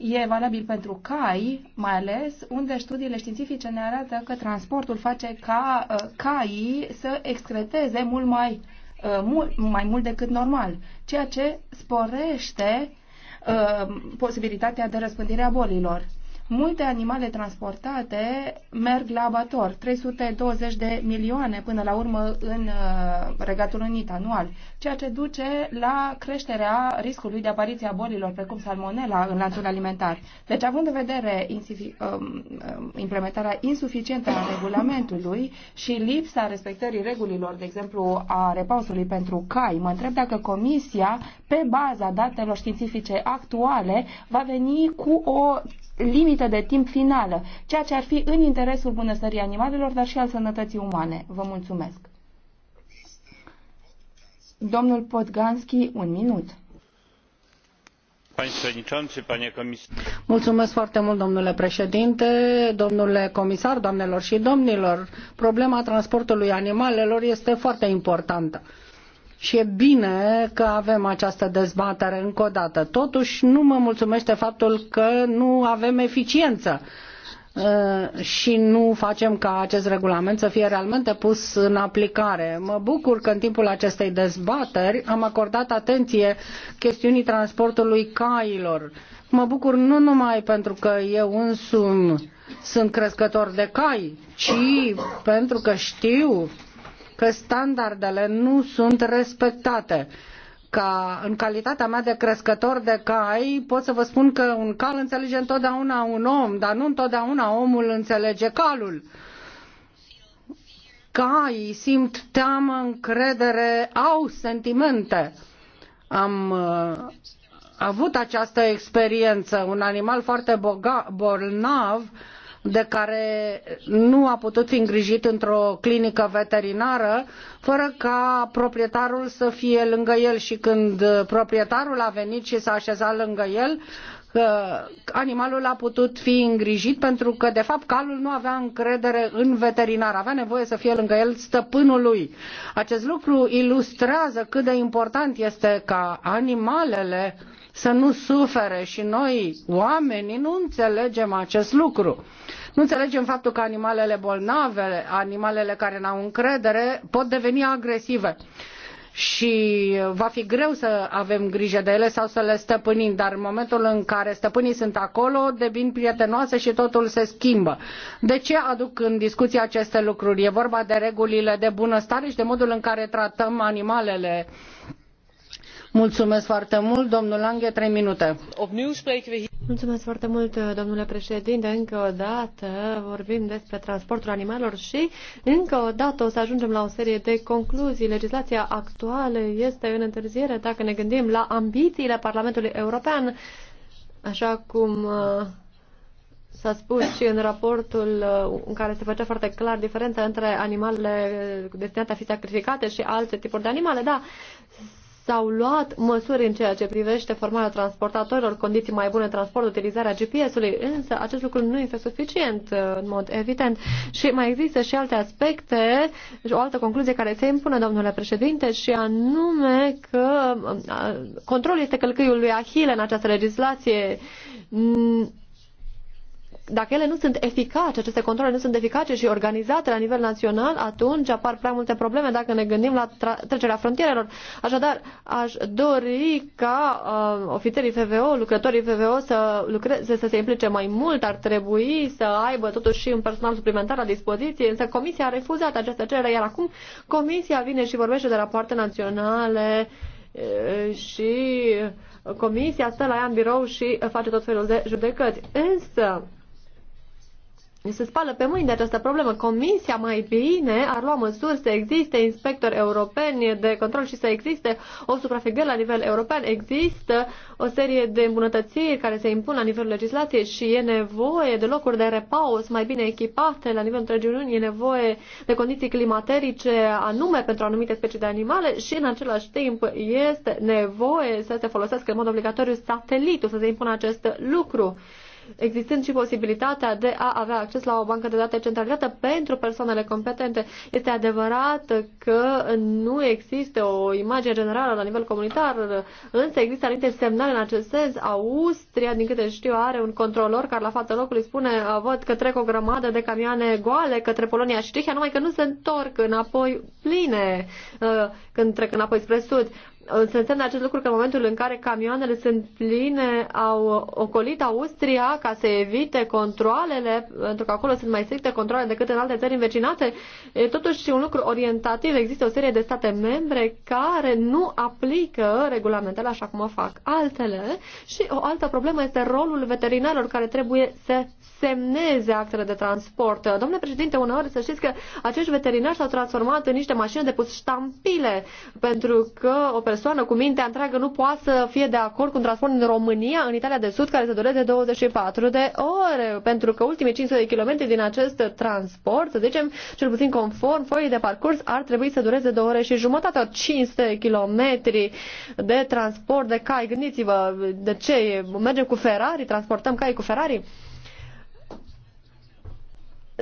S4: E valabil pentru cai, mai ales, unde studiile științifice ne arată că transportul face ca uh, caii să excreteze mult mai, uh, mult, mai mult decât normal, ceea ce sporește uh, posibilitatea de răspândire a bolilor. Multe animale transportate merg la abator, 320 de milioane până la urmă în uh, Regatul Unit anual, ceea ce duce la creșterea riscului de apariție a bolilor precum salmonela în lanțul alimentar. Deci, având în vedere um, um, implementarea insuficientă a regulamentului și lipsa respectării regulilor, de exemplu, a repausului pentru cai, mă întreb dacă Comisia, pe baza datelor științifice actuale, va veni cu o limită de timp finală, ceea ce ar fi în interesul bunăstării animalelor, dar și al sănătății umane. Vă mulțumesc.
S1: Domnul Podganski, un minut. Mulțumesc foarte mult, domnule președinte, domnule comisar, doamnelor și domnilor. Problema transportului animalelor este foarte importantă și e bine că avem această dezbatere încă o dată. Totuși nu mă mulțumește faptul că nu avem eficiență uh, și nu facem ca acest regulament să fie realmente pus în aplicare. Mă bucur că în timpul acestei dezbateri am acordat atenție chestiunii transportului cailor. Mă bucur nu numai pentru că eu însumi sunt crescător de cai, ci pentru că știu că standardele nu sunt respectate. Ca, în calitatea mea de crescător de cai, pot să vă spun că un cal înțelege întotdeauna un om, dar nu întotdeauna omul înțelege calul caii simt teamă, încredere, au sentimente. Am uh, avut această experiență. Un animal foarte boga, bolnav de care nu a putut fi îngrijit într-o clinică veterinară fără ca proprietarul să fie lângă el și când proprietarul a venit și s-a așezat lângă el, ă, animalul a putut fi îngrijit pentru că, de fapt, calul nu avea încredere în veterinar, avea nevoie să fie lângă el stăpânul lui. Acest lucru ilustrează cât de important este ca animalele uh, să nu sufere și noi, oamenii, nu înțelegem acest lucru. Nu înțelegem faptul că animalele bolnave, animalele care n-au încredere, pot deveni agresive și va fi greu să avem grijă de ele sau să le stăpânim, dar în momentul în care stăpânii sunt acolo, devin prietenoase și totul se schimbă. De ce aduc în discuție aceste lucruri? E vorba de regulile de bunăstare și de modul în care tratăm animalele domnule
S3: președinte. Încă o dată vorbim despre transportul animalelor și încă o dată o să ajungem la o serie de concluzii. Legislația actuală este în întârziere dacă ne gândim la ambițiile Parlamentului European, așa cum uh, S-a spus și în raportul uh, în care se făcea foarte clar diferența între animalele destinate a fi sacrificate și alte tipuri de animale, da, s-au luat măsuri în ceea ce privește formarea transportatorilor, condiții mai bune de transport, utilizarea GPS-ului, însă acest lucru nu este suficient, uh, în mod evident. Și mai există și alte aspecte, o altă concluzie care se impune, domnule președinte, și anume că uh, controlul este călcâiul lui Ahile în această legislație dacă ele nu sunt eficace, aceste controle nu sunt eficace și organizate la nivel național, atunci apar prea multe probleme dacă ne gândim la trecerea frontierelor. Așadar, aș dori ca uh, ofițerii FVO, lucrătorii FVO să, lucreze, să se implice mai mult, ar trebui să aibă totuși și un personal suplimentar la dispoziție, însă Comisia a refuzat această cerere, iar acum Comisia vine și vorbește de rapoarte naționale uh, și Comisia stă la ea în birou și face tot felul de judecăți. Însă, se spală pe mâini de această problemă. Comisia mai bine ar lua măsuri să existe inspectori europeni de control și să existe o supraveghere la nivel european. Există o serie de îmbunătățiri care se impun la nivelul legislației și e nevoie de locuri de repaus mai bine echipate la nivelul întregii Uniuni, e nevoie de condiții climaterice anume pentru anumite specii de animale și în același timp este nevoie să se folosească în mod obligatoriu satelitul, să se impună acest lucru existând și posibilitatea de a avea acces la o bancă de date centralizată pentru persoanele competente. Este adevărat că nu există o imagine generală la nivel comunitar, însă există anumite semnale în acest sens. Austria, din câte știu, are un controlor care la fața locului spune văd că trec o grămadă de camioane goale către Polonia și Cehia, numai că nu se întorc înapoi pline uh, când trec înapoi spre sud. Se înseamnă acest lucru că în momentul în care camioanele sunt pline, au ocolit Austria ca să evite controlele, pentru că acolo sunt mai stricte controle decât în alte țări învecinate. E totuși un lucru orientativ. Există o serie de state membre care nu aplică regulamentele așa cum o fac altele și o altă problemă este rolul veterinarilor care trebuie să semneze actele de transport. Domnule președinte, uneori să știți că acești veterinari s-au transformat în niște mașini de pus ștampile pentru că o persoană cu mintea întreagă nu poate să fie de acord cu un transport în România, în Italia de Sud, care se dureze 24 de ore, pentru că ultimii 500 de kilometri din acest transport, să zicem, cel puțin conform foii de parcurs, ar trebui să dureze 2 ore și jumătate, 500 de kilometri de transport de cai. Gândiți-vă, de ce? Mergem cu Ferrari, transportăm cai cu Ferrari?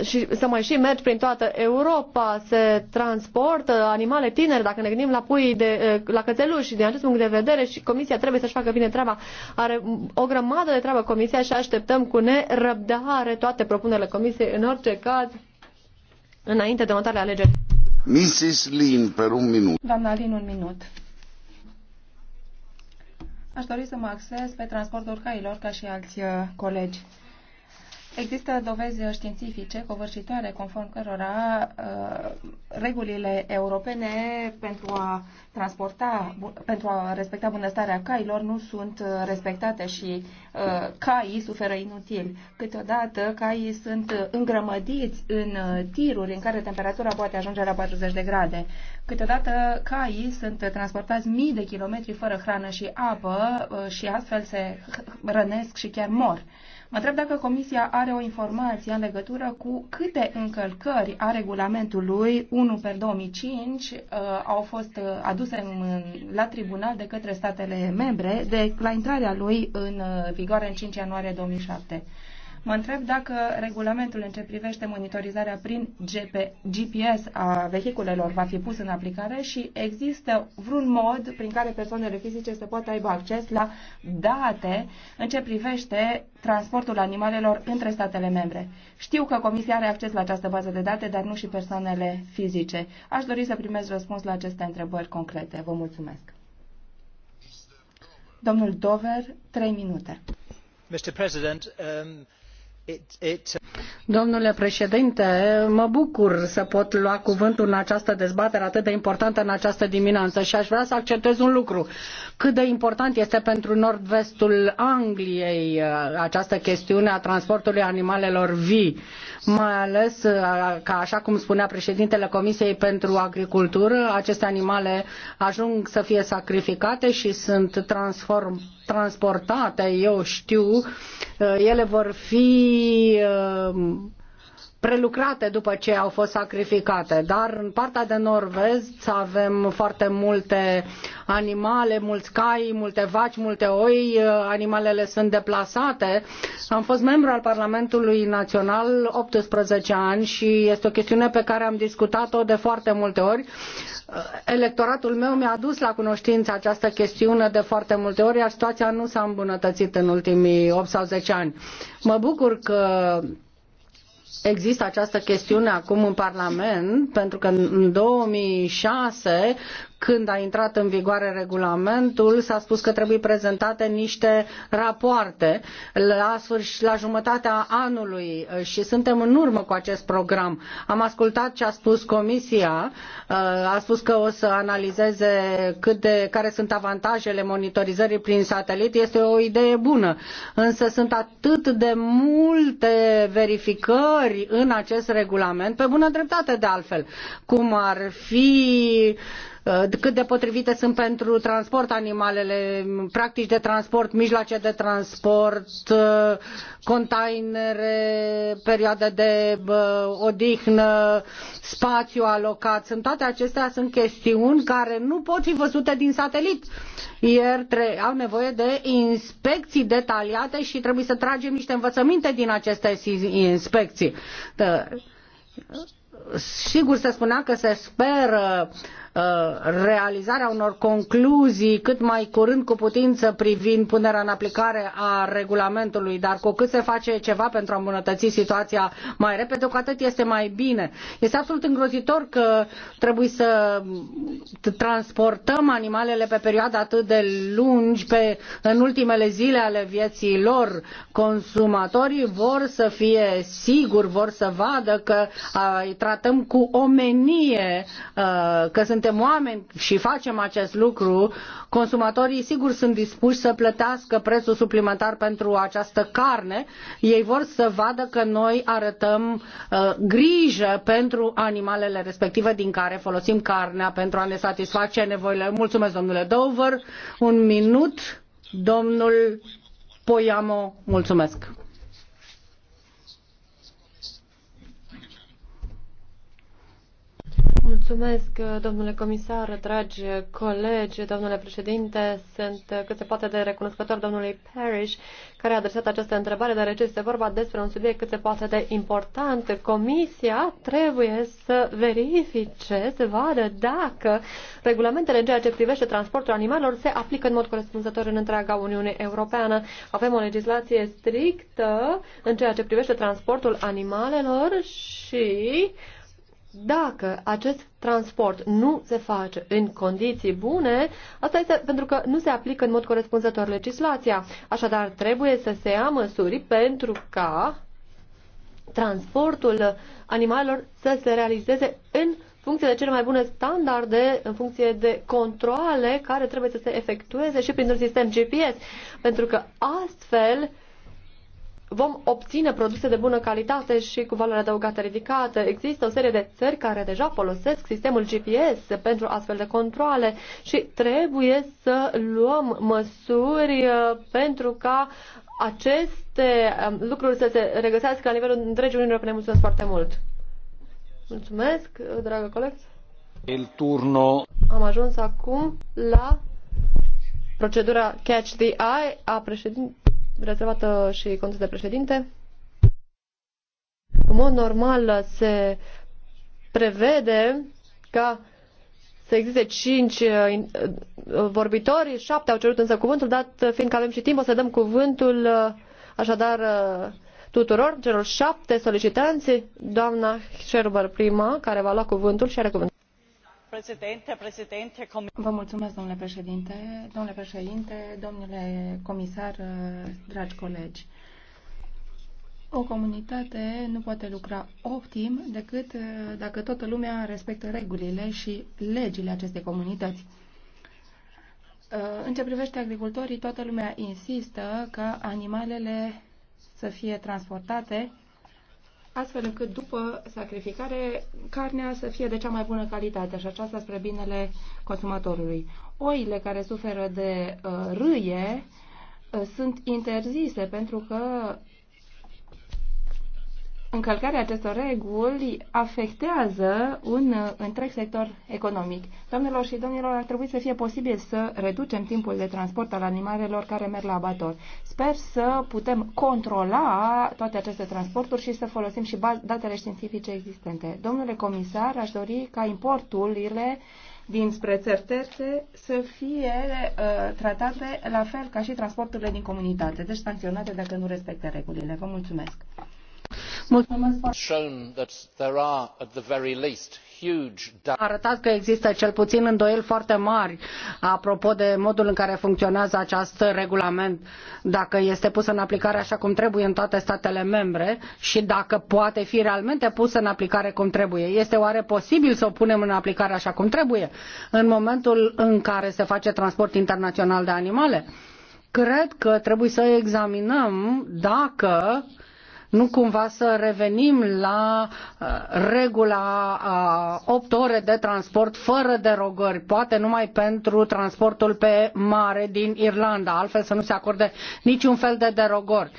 S3: și să mai și mergi prin toată Europa, se transportă animale tinere, dacă ne gândim la pui de, eh, la cățeluși, din acest punct de vedere și comisia trebuie să-și facă bine treaba. Are o grămadă de treabă comisia și așteptăm cu nerăbdare toate propunerile comisiei, în orice caz, înainte de următoarele alegeri.
S2: Mrs. Lin, pe un minut.
S3: Doamna
S4: Lin, un minut. Aș dori să mă acces pe transportul cailor ca și alți eh, colegi. Există dovezi științifice covârșitoare conform cărora uh, regulile europene pentru a transporta, pentru a respecta bunăstarea cailor nu sunt uh, respectate și uh, caii suferă inutil. Câteodată caii sunt uh, îngrămădiți în uh, tiruri în care temperatura poate ajunge la 40 de grade. Câteodată caii sunt transportați mii de kilometri fără hrană și apă uh, și astfel se rănesc și chiar mor. Uh, Mă întreb dacă Comisia are o informație în legătură cu câte încălcări a regulamentului 1 per 2005 uh, au fost uh, aduse în, la tribunal de către statele membre de la intrarea lui în uh, vigoare în 5 ianuarie 2007. Mă întreb dacă regulamentul în ce privește monitorizarea prin GPS a vehiculelor va fi pus în aplicare și există vreun mod prin care persoanele fizice să poată aibă acces la date în ce privește transportul animalelor între statele membre. Știu că Comisia are acces la această bază de date, dar nu și persoanele fizice. Aș dori să primez răspuns la aceste întrebări concrete. Vă mulțumesc. Domnul Dover, trei minute.
S5: Mr. President, um
S1: Domnule președinte, mă bucur să pot lua cuvântul în această dezbatere atât de importantă în această dimineață și aș vrea să accentuez un lucru cât de important este pentru nord-vestul Angliei uh, această chestiune a transportului animalelor vii, mai ales uh, că, așa cum spunea președintele Comisiei pentru Agricultură, aceste animale ajung să fie sacrificate și sunt transform, transportate, eu știu, uh, ele vor fi prelucrate după ce au fost sacrificate. Dar în partea de nord-vest avem foarte multe animale, mulți cai, multe vaci, multe oi, animalele sunt deplasate. Am fost membru al Parlamentului Național 18 ani și este o chestiune pe care am discutat-o de foarte multe ori. Electoratul meu mi-a dus la cunoștință această chestiune de foarte multe ori, iar situația nu s-a îmbunătățit în ultimii 8 sau 10 ani. Mă bucur că există această chestiune acum în Parlament, pentru că în 2006 când a intrat în vigoare regulamentul, s-a spus că trebuie prezentate niște rapoarte la, sfârș, la jumătatea anului uh, și suntem în urmă cu acest program. Am ascultat ce a spus Comisia, uh, a spus că o să analizeze cât de, care sunt avantajele monitorizării prin satelit. Este o idee bună, însă sunt atât de multe verificări în acest regulament, pe bună dreptate de altfel, cum ar fi Uh, cât de potrivite sunt pentru transport animalele, practici de transport, mijloace de transport, uh, containere, perioade de uh, odihnă, spațiu alocat. Sunt toate acestea sunt chestiuni care nu pot fi văzute din satelit. Iar au nevoie de inspecții detaliate și trebuie să tragem niște învățăminte din aceste inspecții. Da. Sigur se spunea că se speră Uh, realizarea unor concluzii cât mai curând cu putință privind punerea în aplicare a regulamentului, dar cu cât se face ceva pentru a îmbunătăți situația mai repede, cu atât este mai bine. Este absolut îngrozitor că trebuie să transportăm animalele pe perioade atât de lungi, pe, în ultimele zile ale vieții lor. Consumatorii vor să fie siguri, vor să vadă că îi tratăm cu omenie, uh, că sunt suntem oameni și facem acest lucru, consumatorii sigur sunt dispuși să plătească prețul suplimentar pentru această carne. Ei vor să vadă că noi arătăm uh, grijă pentru animalele respective din care folosim carnea pentru a ne satisface nevoile. Mulțumesc, domnule Dover. Un minut, domnul Poiamo. Mulțumesc.
S3: Mulțumesc, domnule comisar, dragi colegi, domnule președinte. Sunt cât se poate de recunoscător domnului Parrish, care a adresat această întrebare, deoarece este vorba despre un subiect cât se poate de important. Comisia trebuie să verifice, să vadă dacă regulamentele în ceea ce privește transportul animalelor se aplică în mod corespunzător în întreaga Uniune Europeană. Avem o legislație strictă în ceea ce privește transportul animalelor și dacă acest transport nu se face în condiții bune, asta este pentru că nu se aplică în mod corespunzător legislația. Așadar, trebuie să se ia măsuri pentru ca transportul animalelor să se realizeze în funcție de cele mai bune standarde, în funcție de controle care trebuie să se efectueze și printr-un sistem GPS, pentru că astfel vom obține produse de bună calitate și cu valoare adăugată ridicată. Există o serie de țări care deja folosesc sistemul GPS pentru astfel de controle și trebuie să luăm măsuri uh, pentru ca aceste um, lucruri să se regăsească la nivelul întregii Uniunii Europene. Mulțumesc foarte mult! Mulțumesc, uh, dragă coleg!
S2: El turno.
S3: Am ajuns acum la procedura Catch the Eye a președintelui rezervată și contul de președinte. În mod normal se prevede ca să existe cinci uh, uh, vorbitori, șapte au cerut însă cuvântul, dat fiindcă avem și timp, o să dăm cuvântul uh, așadar tuturor celor șapte solicitanți, doamna Sherber prima, care va lua cuvântul și are cuvântul. Vă mulțumesc, domnule
S4: președinte, domnule președinte, domnule comisar, dragi colegi. O comunitate nu poate lucra optim decât eh, dacă toată lumea respectă regulile și legile acestei comunități. Eh, în ce privește agricultorii, toată lumea insistă ca animalele să fie transportate astfel încât după sacrificare carnea să fie de cea mai bună calitate și aceasta spre binele consumatorului. Oile care suferă de uh, râie uh, sunt interzise pentru că încălcarea acestor reguli afectează un uh, întreg sector economic. Doamnelor și domnilor, ar trebui să fie posibil să reducem timpul de transport al animalelor care merg la abator. Sper să putem controla toate aceste transporturi și să folosim și datele științifice existente. Domnule comisar, aș dori ca importurile dinspre țări terțe să fie uh, tratate la fel ca și transporturile din comunitate, deci
S1: sancționate dacă nu respectă regulile. Vă mulțumesc! Da- arătat că există cel puțin îndoieli foarte mari apropo de modul în care funcționează acest regulament dacă este pus în aplicare așa cum trebuie în toate statele membre și dacă poate fi realmente pus în aplicare cum trebuie. Este oare posibil să o punem în aplicare așa cum trebuie în momentul în care se face transport internațional de animale? Cred că trebuie să examinăm dacă uh, nu cumva să revenim la uh, regula a uh, 8 ore de transport fără derogări, poate numai pentru transportul pe mare din Irlanda, altfel să nu se acorde niciun fel de derogări.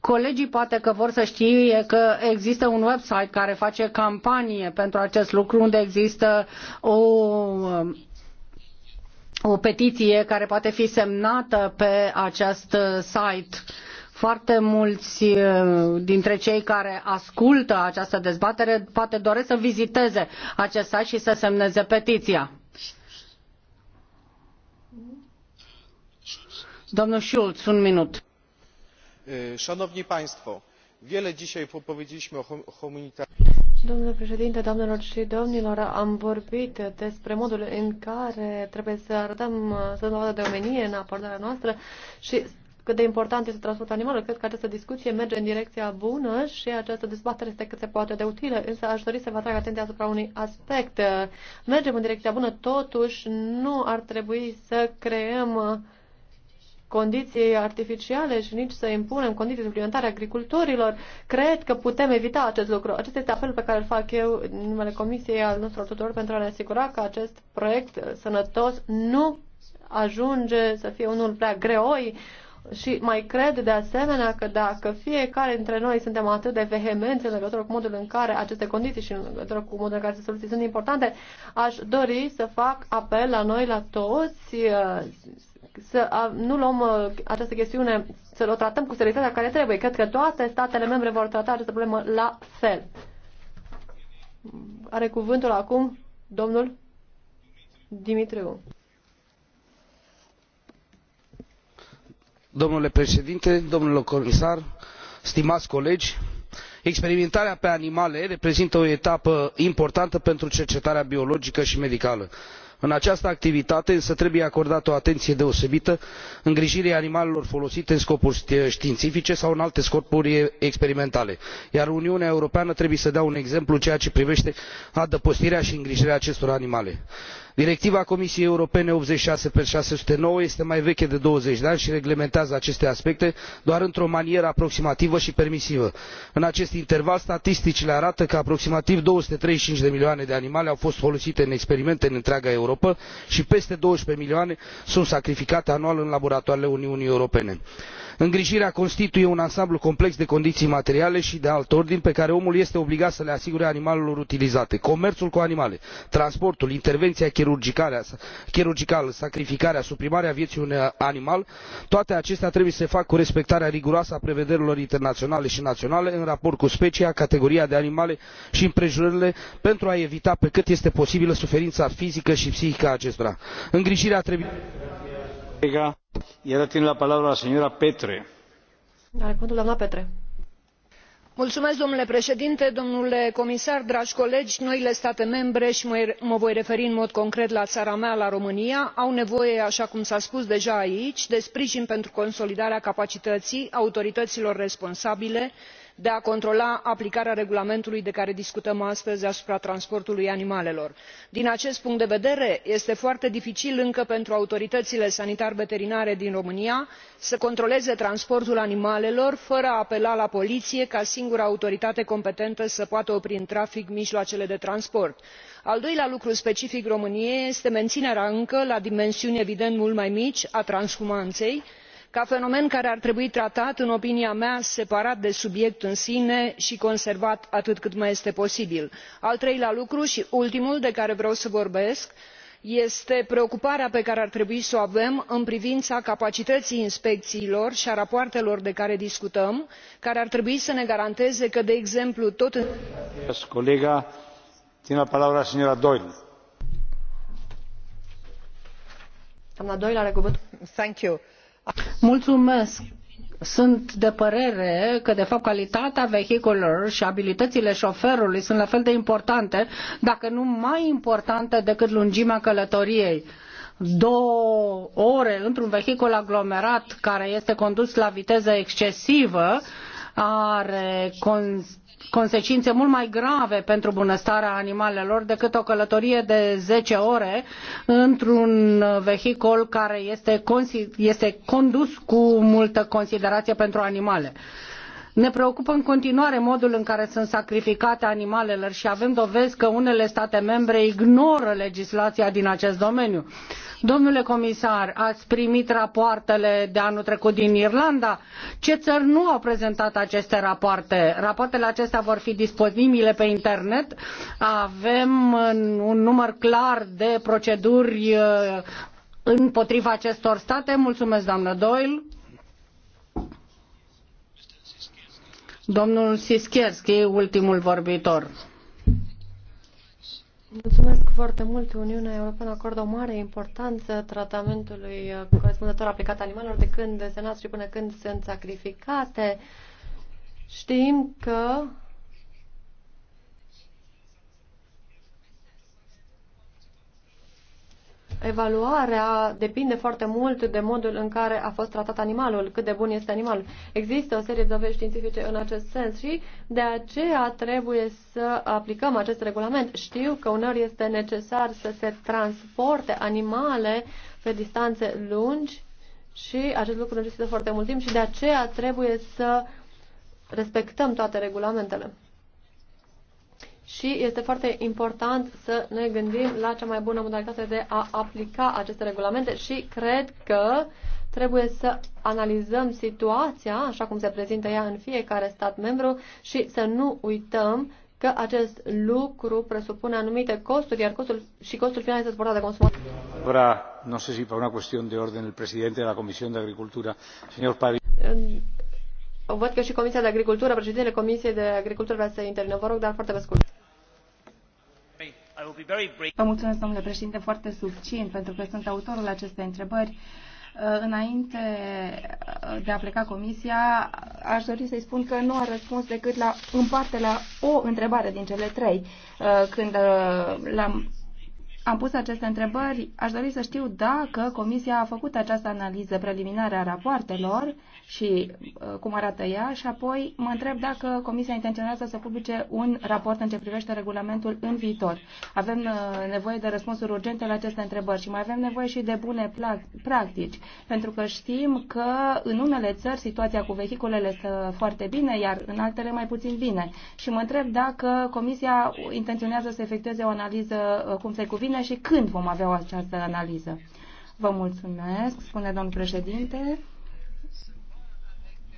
S1: Colegii poate că vor să știe că există un website care face campanie pentru acest lucru, unde există o uh, o petiție care poate fi semnată pe acest site uh, foarte mulți eh, dintre cei care ascultă această dezbatere poate doresc să viziteze acest site și să semneze petiția. Domnul Schulz, un minut.
S3: Szanowni eh, Państwo, wiele dzisiaj powiedzieliśmy o humanitarnym. Domnule președinte, doamnelor și domnilor, am vorbit despre modul în care trebuie să arătăm să de omenie în abordarea noastră și cât de important este transportul animalelor. Cred că această discuție merge în direcția bună și această dezbatere este cât se poate de utilă, însă aș dori să vă atrag atenția asupra unui aspect. Mergem în direcția bună, totuși nu ar trebui să creăm condiții artificiale și nici să impunem condiții suplimentare agricultorilor. Cred că putem evita acest lucru. Acesta este apelul pe care îl fac eu în numele Comisiei al nostru tuturor pentru a ne asigura că acest proiect sănătos nu ajunge să fie unul prea greoi și mai cred de asemenea că dacă fiecare dintre noi suntem atât de vehemenți în legătură cu modul în care aceste condiții și în legătură cu modul în care aceste soluții sunt importante, aș dori să fac apel la noi, la toți, uh, să nu luăm uh, această chestiune, să o tratăm cu seriozitatea care trebuie. Cred că toate statele membre vor trata această problemă la fel. Are cuvântul acum domnul Dimitriu.
S2: domnule președinte domnule comisar stimați colegi experimentarea pe animale reprezintă o etapă importantă pentru cercetarea biologică și medicală. în această activitate însă trebuie acordată o atenție deosebită îngrijirii animalelor folosite în scopuri științifice sau în alte scopuri experimentale iar uniunea europeană trebuie să dea un exemplu în ceea ce privește adăpostirea și îngrijirea acestor animale directiva comisiei europene optzeci și șase șase sute nouă este mai veche de douăzeci de ani și reglementează aceste aspecte doar într o manieră aproximativă și permisivă. în acest interval statisticile arată că aproximativ două sute treizeci și cinci de milioane de animale au fost folosite în experimente în întreaga europă și peste doisprezece milioane sunt sacrificate anual în laboratoarele uniunii europene îngrijirea constituie un ansamblu complex de condiții materiale și de alt ordin pe care omul este obligat să le asigure animalelor utilizate comerțul cu animale transportul intervenția chirurgicală sacrificarea suprimarea vieții unui animal toate acestea trebuie să se facă cu respectarea riguroasă a prevederilor internaționale și naționale în raport cu specia categoria de animale și împrejurările pentru a evita pe cât este posibil suferința fizică și psihică a acestora. îngrijirea trebuie
S5: domnule președinte domnule comisar dragi colegi noile state membre și mă voi referi în mod concret la țara mea la românia au nevoie așa cum s a spus deja aici de sprijin pentru consolidarea capacității autorităților responsabile de a și asuma responsabilitatea pentru implementarea politicilor de a controla aplicarea regulamentului de care discutăm astăzi asupra transportului animalelor. din acest punct de vedere este foarte dificil încă pentru autoritățile sanitar veterinare din românia să controleze transportul animalelor fără a apela la poliție ca singura autoritate competentă să poată opri în trafic mijloacele de transport. al doilea lucru specific româniei este menținerea încă la dimensiuni evident mult mai mici a transhumanței ca fenomen care ar trebui tratat în opinia mea separat de subiect în sine și conservat atât cât mai este posibil. al treilea lucru și ultimul de care vreau să vorbesc este preocuparea pe care ar trebui să o avem în privința capacității inspecțiilor și a rapoartelor de care discutăm care ar trebui să ne garanteze că de exemplu tot în
S1: Mulțumesc! Sunt de părere că, de fapt, calitatea vehiculelor și abilitățile șoferului sunt la fel de importante, dacă nu mai importante decât lungimea călătoriei două ore într-un vehicul aglomerat care este condus la viteză excesivă are consecințe mult mai grave pentru bunăstarea animalelor decât o călătorie de zece ore într-un vehicul care este, condus cu multă considerație pentru animale. Ne preocupă în continuare modul în care sunt sacrificate animalele și avem dovezi că unele state membre ignoră legislația din acest domeniu. Domnule comisar, ați primit rapoartele de anul trecut din Irlanda? Ce țări nu au prezentat aceste rapoarte? Rapoartele acestea vor fi disponibile pe internet. Avem un număr clar de proceduri uh, împotriva acestor state. Mulțumesc, doamnă Doyle. Domnul Siskierski, ultimul vorbitor.
S3: Mulțumesc foarte mult. Uniunea Europeană acordă o mare importanță tratamentului corespunzător aplicat animalelor de când se nasc și până când sunt sacrificate. Știm că Evaluarea depinde foarte mult de modul în care a fost tratat animalul, cât de bun este animalul. Există o serie de dovezi științifice în acest sens și de aceea trebuie să aplicăm acest regulament. Știu că uneori este necesar să se transporte animale pe distanțe lungi și acest lucru necesită foarte mult timp și de aceea trebuie să respectăm toate regulamentele și este foarte important să ne gândim la cea mai bună modalitate de a aplica aceste regulamente și cred că trebuie să analizăm situația așa cum se prezintă ea în fiecare stat membru și să nu uităm că acest lucru presupune anumite costuri, iar costul și costul final este suportat de consumator.
S2: Ahora, nu știu si por una cuestión de orden, el presidente de la Comisión de Agricultura, señor Pavi.
S3: Văd că și Comisia de Agricultură, președintele Comisiei de Agricultură vrea să intervină. Vă rog, dar foarte pe scurt.
S4: Vă mulțumesc, domnule președinte, foarte subțin pentru că sunt autorul acestei întrebări. Uh, înainte uh, de a pleca comisia, aș dori să-i spun că nu a răspuns decât la, în parte la o întrebare din cele trei, uh, când l-am am pus aceste întrebări, aș dori să știu dacă Comisia a făcut această analiză preliminară a rapoartelor și uh, cum arată ea și apoi mă întreb dacă Comisia intenționează să publice un raport în ce privește regulamentul în viitor. Avem uh, nevoie de răspunsuri urgente la aceste întrebări și mai avem nevoie și de bune practici, pentru că știm că în unele țări situația cu vehiculele este foarte bine, iar în altele mai puțin bine. Și mă întreb dacă Comisia intenționează să efectueze o analiză uh, cum se cuvine doilea și când vom avea o această analiză. Vă mulțumesc, spune domnul președinte.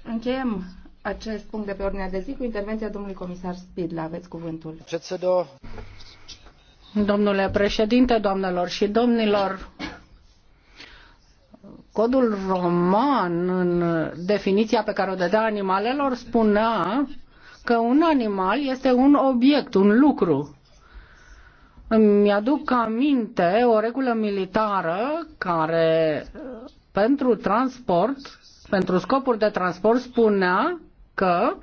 S4: Încheiem acest punct de pe ordinea de zi cu intervenția domnului comisar Spidla. Aveți cuvântul.
S1: Domnule președinte, doamnelor și domnilor, codul roman, în definiția pe care o dădea animalelor, spunea că un animal este un obiect, un lucru. Îmi aduc aminte o regulă militară care pentru transport, pentru scopuri de transport spunea că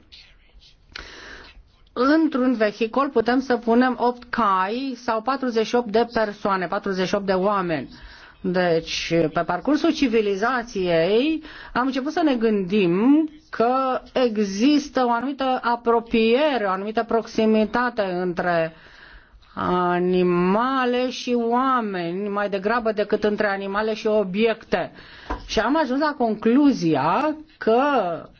S1: într-un vehicol putem să punem 8 cai sau 48 de persoane, 48 de oameni. Deci, pe parcursul civilizației am început să ne gândim că există o anumită apropiere, o anumită proximitate între uh, animale și oameni, mai degrabă decât între animale și obiecte. Și am ajuns la concluzia că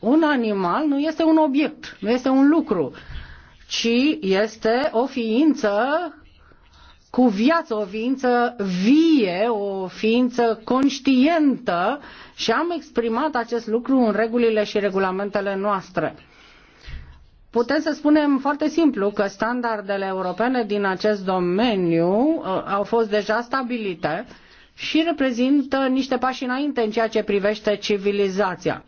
S1: un animal nu este un obiect, nu este un lucru, ci este o ființă cu viață, o ființă vie, o ființă conștientă și am exprimat acest lucru în regulile și regulamentele noastre putem să spunem foarte simplu că standardele europene din acest domeniu uh, au fost deja stabilite și reprezintă niște pași înainte în ceea ce privește civilizația.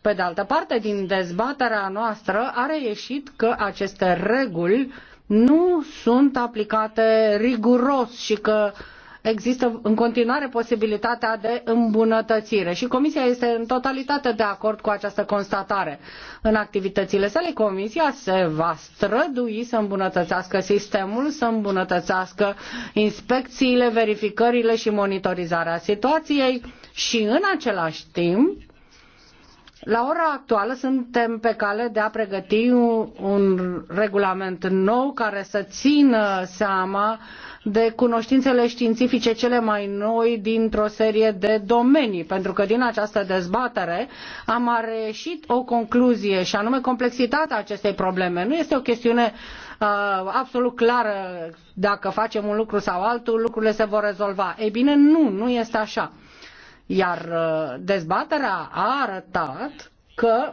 S1: Pe de altă parte, din dezbaterea noastră a reieșit că aceste reguli nu sunt aplicate riguros și că uh, există în continuare posibilitatea de îmbunătățire și Comisia este în totalitate de acord cu această constatare. În activitățile sale, Comisia se va strădui să îmbunătățească sistemul, să îmbunătățească inspecțiile, verificările și monitorizarea situației și în același timp la ora actuală suntem pe cale de a pregăti un, un regulament nou care să țină seama de cunoștințele științifice cele mai noi dintr-o serie de domenii, pentru că din această dezbatere am reșit o concluzie și anume complexitatea acestei probleme. Nu este o chestiune uh, absolut clară dacă facem un lucru sau altul, lucrurile se vor rezolva. Ei bine, nu, nu este așa. Iar uh, dezbaterea a arătat că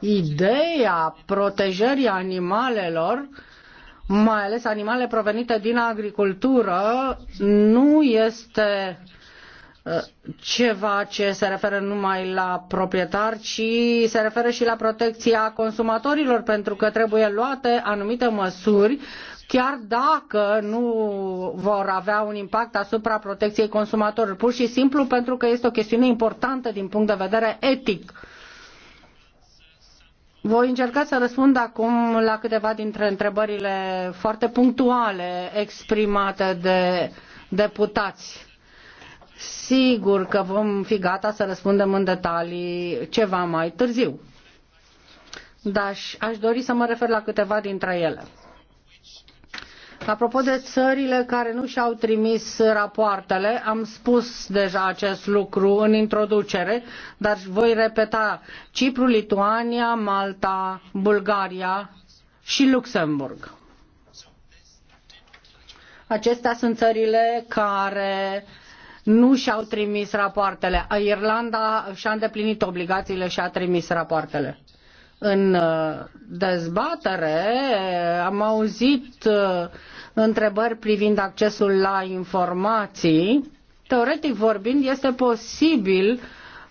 S1: ideea protejării animalelor mai ales animale provenite din agricultură, nu este uh, ceva ce se referă numai la proprietari, ci se referă și la protecția consumatorilor, pentru că trebuie luate anumite măsuri, chiar dacă nu vor avea un impact asupra protecției consumatorilor, pur și simplu pentru că este o chestiune importantă din punct de vedere etic voi încerca să răspund acum la câteva dintre întrebările foarte punctuale exprimate de deputați. Sigur că vom fi gata să răspundem în detalii ceva mai târziu. Dar aș dori să mă refer la câteva dintre ele. Apropo de țările care nu și-au trimis rapoartele, am spus deja acest lucru în introducere, dar voi repeta Cipru, Lituania, Malta, Bulgaria și Luxemburg. Acestea sunt țările care nu și-au trimis rapoartele. Irlanda și-a îndeplinit obligațiile și a trimis rapoartele. În uh, dezbatere am auzit uh, întrebări privind accesul la informații, teoretic vorbind, este posibil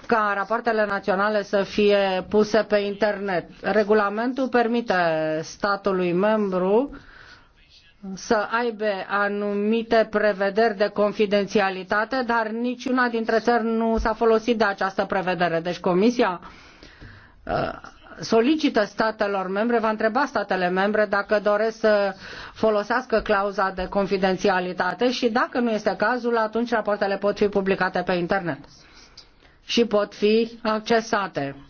S1: ca rapoartele naționale să fie puse pe internet. Regulamentul permite statului membru să aibă anumite prevederi de confidențialitate, dar niciuna dintre țări nu s-a folosit de această prevedere. Deci Comisia solicită statelor membre, va întreba statele membre dacă doresc să folosească clauza de confidențialitate și dacă nu este cazul, atunci rapoartele pot fi publicate pe internet și pot fi accesate.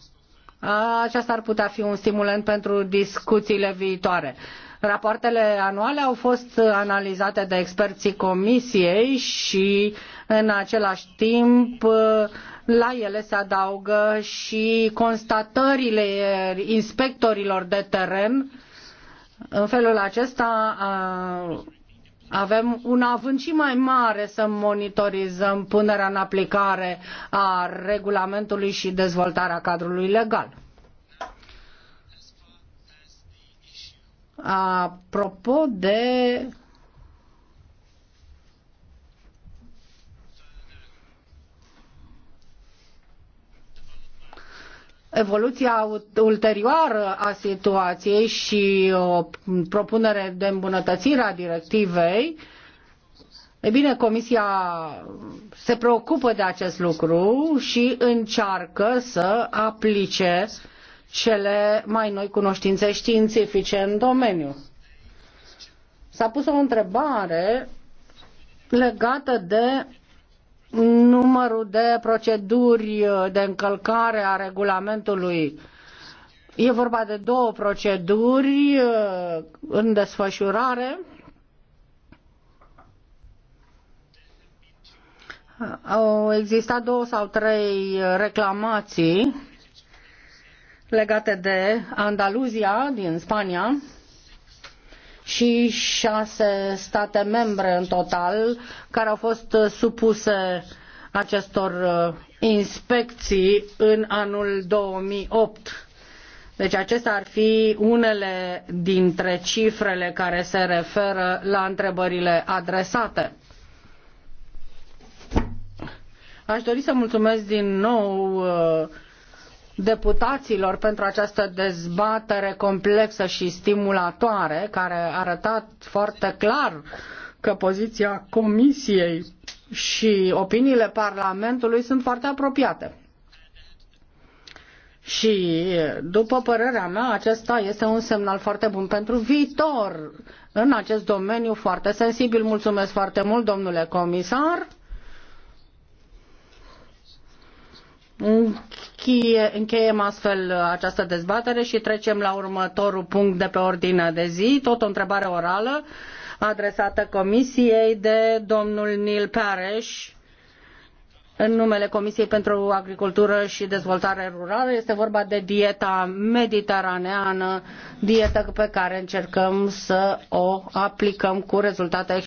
S1: Aceasta ar putea fi un stimulent pentru discuțiile viitoare. Rapoartele anuale au fost analizate de experții comisiei și în același timp la ele se adaugă și constatările inspectorilor de teren. În felul acesta avem un avânt și mai mare să monitorizăm punerea în aplicare a regulamentului și dezvoltarea cadrului legal. Apropo de evoluția ulterioară a situației și o propunere de îmbunătățire a directivei, e bine, Comisia se preocupă de acest lucru și încearcă să aplice cele mai noi cunoștințe științifice în domeniu. S-a pus o întrebare legată de numărul de proceduri de încălcare a regulamentului. E vorba de două proceduri uh, în desfășurare. Au existat două sau trei reclamații legate de Andaluzia din Spania și șase state membre în total care au fost supuse acestor uh, inspecții în anul 2008. Deci acestea ar fi unele dintre cifrele care se referă la întrebările adresate. Aș dori să mulțumesc din nou uh, deputaților pentru această dezbatere complexă și stimulatoare, care a arătat foarte clar că poziția Comisiei și opiniile Parlamentului sunt foarte apropiate. Și, după părerea mea, acesta este un semnal foarte bun pentru viitor în acest domeniu foarte sensibil. Mulțumesc foarte mult, domnule comisar. Încheie, încheiem astfel această dezbatere și trecem la următorul punct de pe ordinea de zi, tot o întrebare orală adresată Comisiei de domnul Neil Parish în numele Comisiei pentru Agricultură și Dezvoltare Rurală. Este vorba de dieta mediteraneană, dietă pe care încercăm să o aplicăm cu rezultate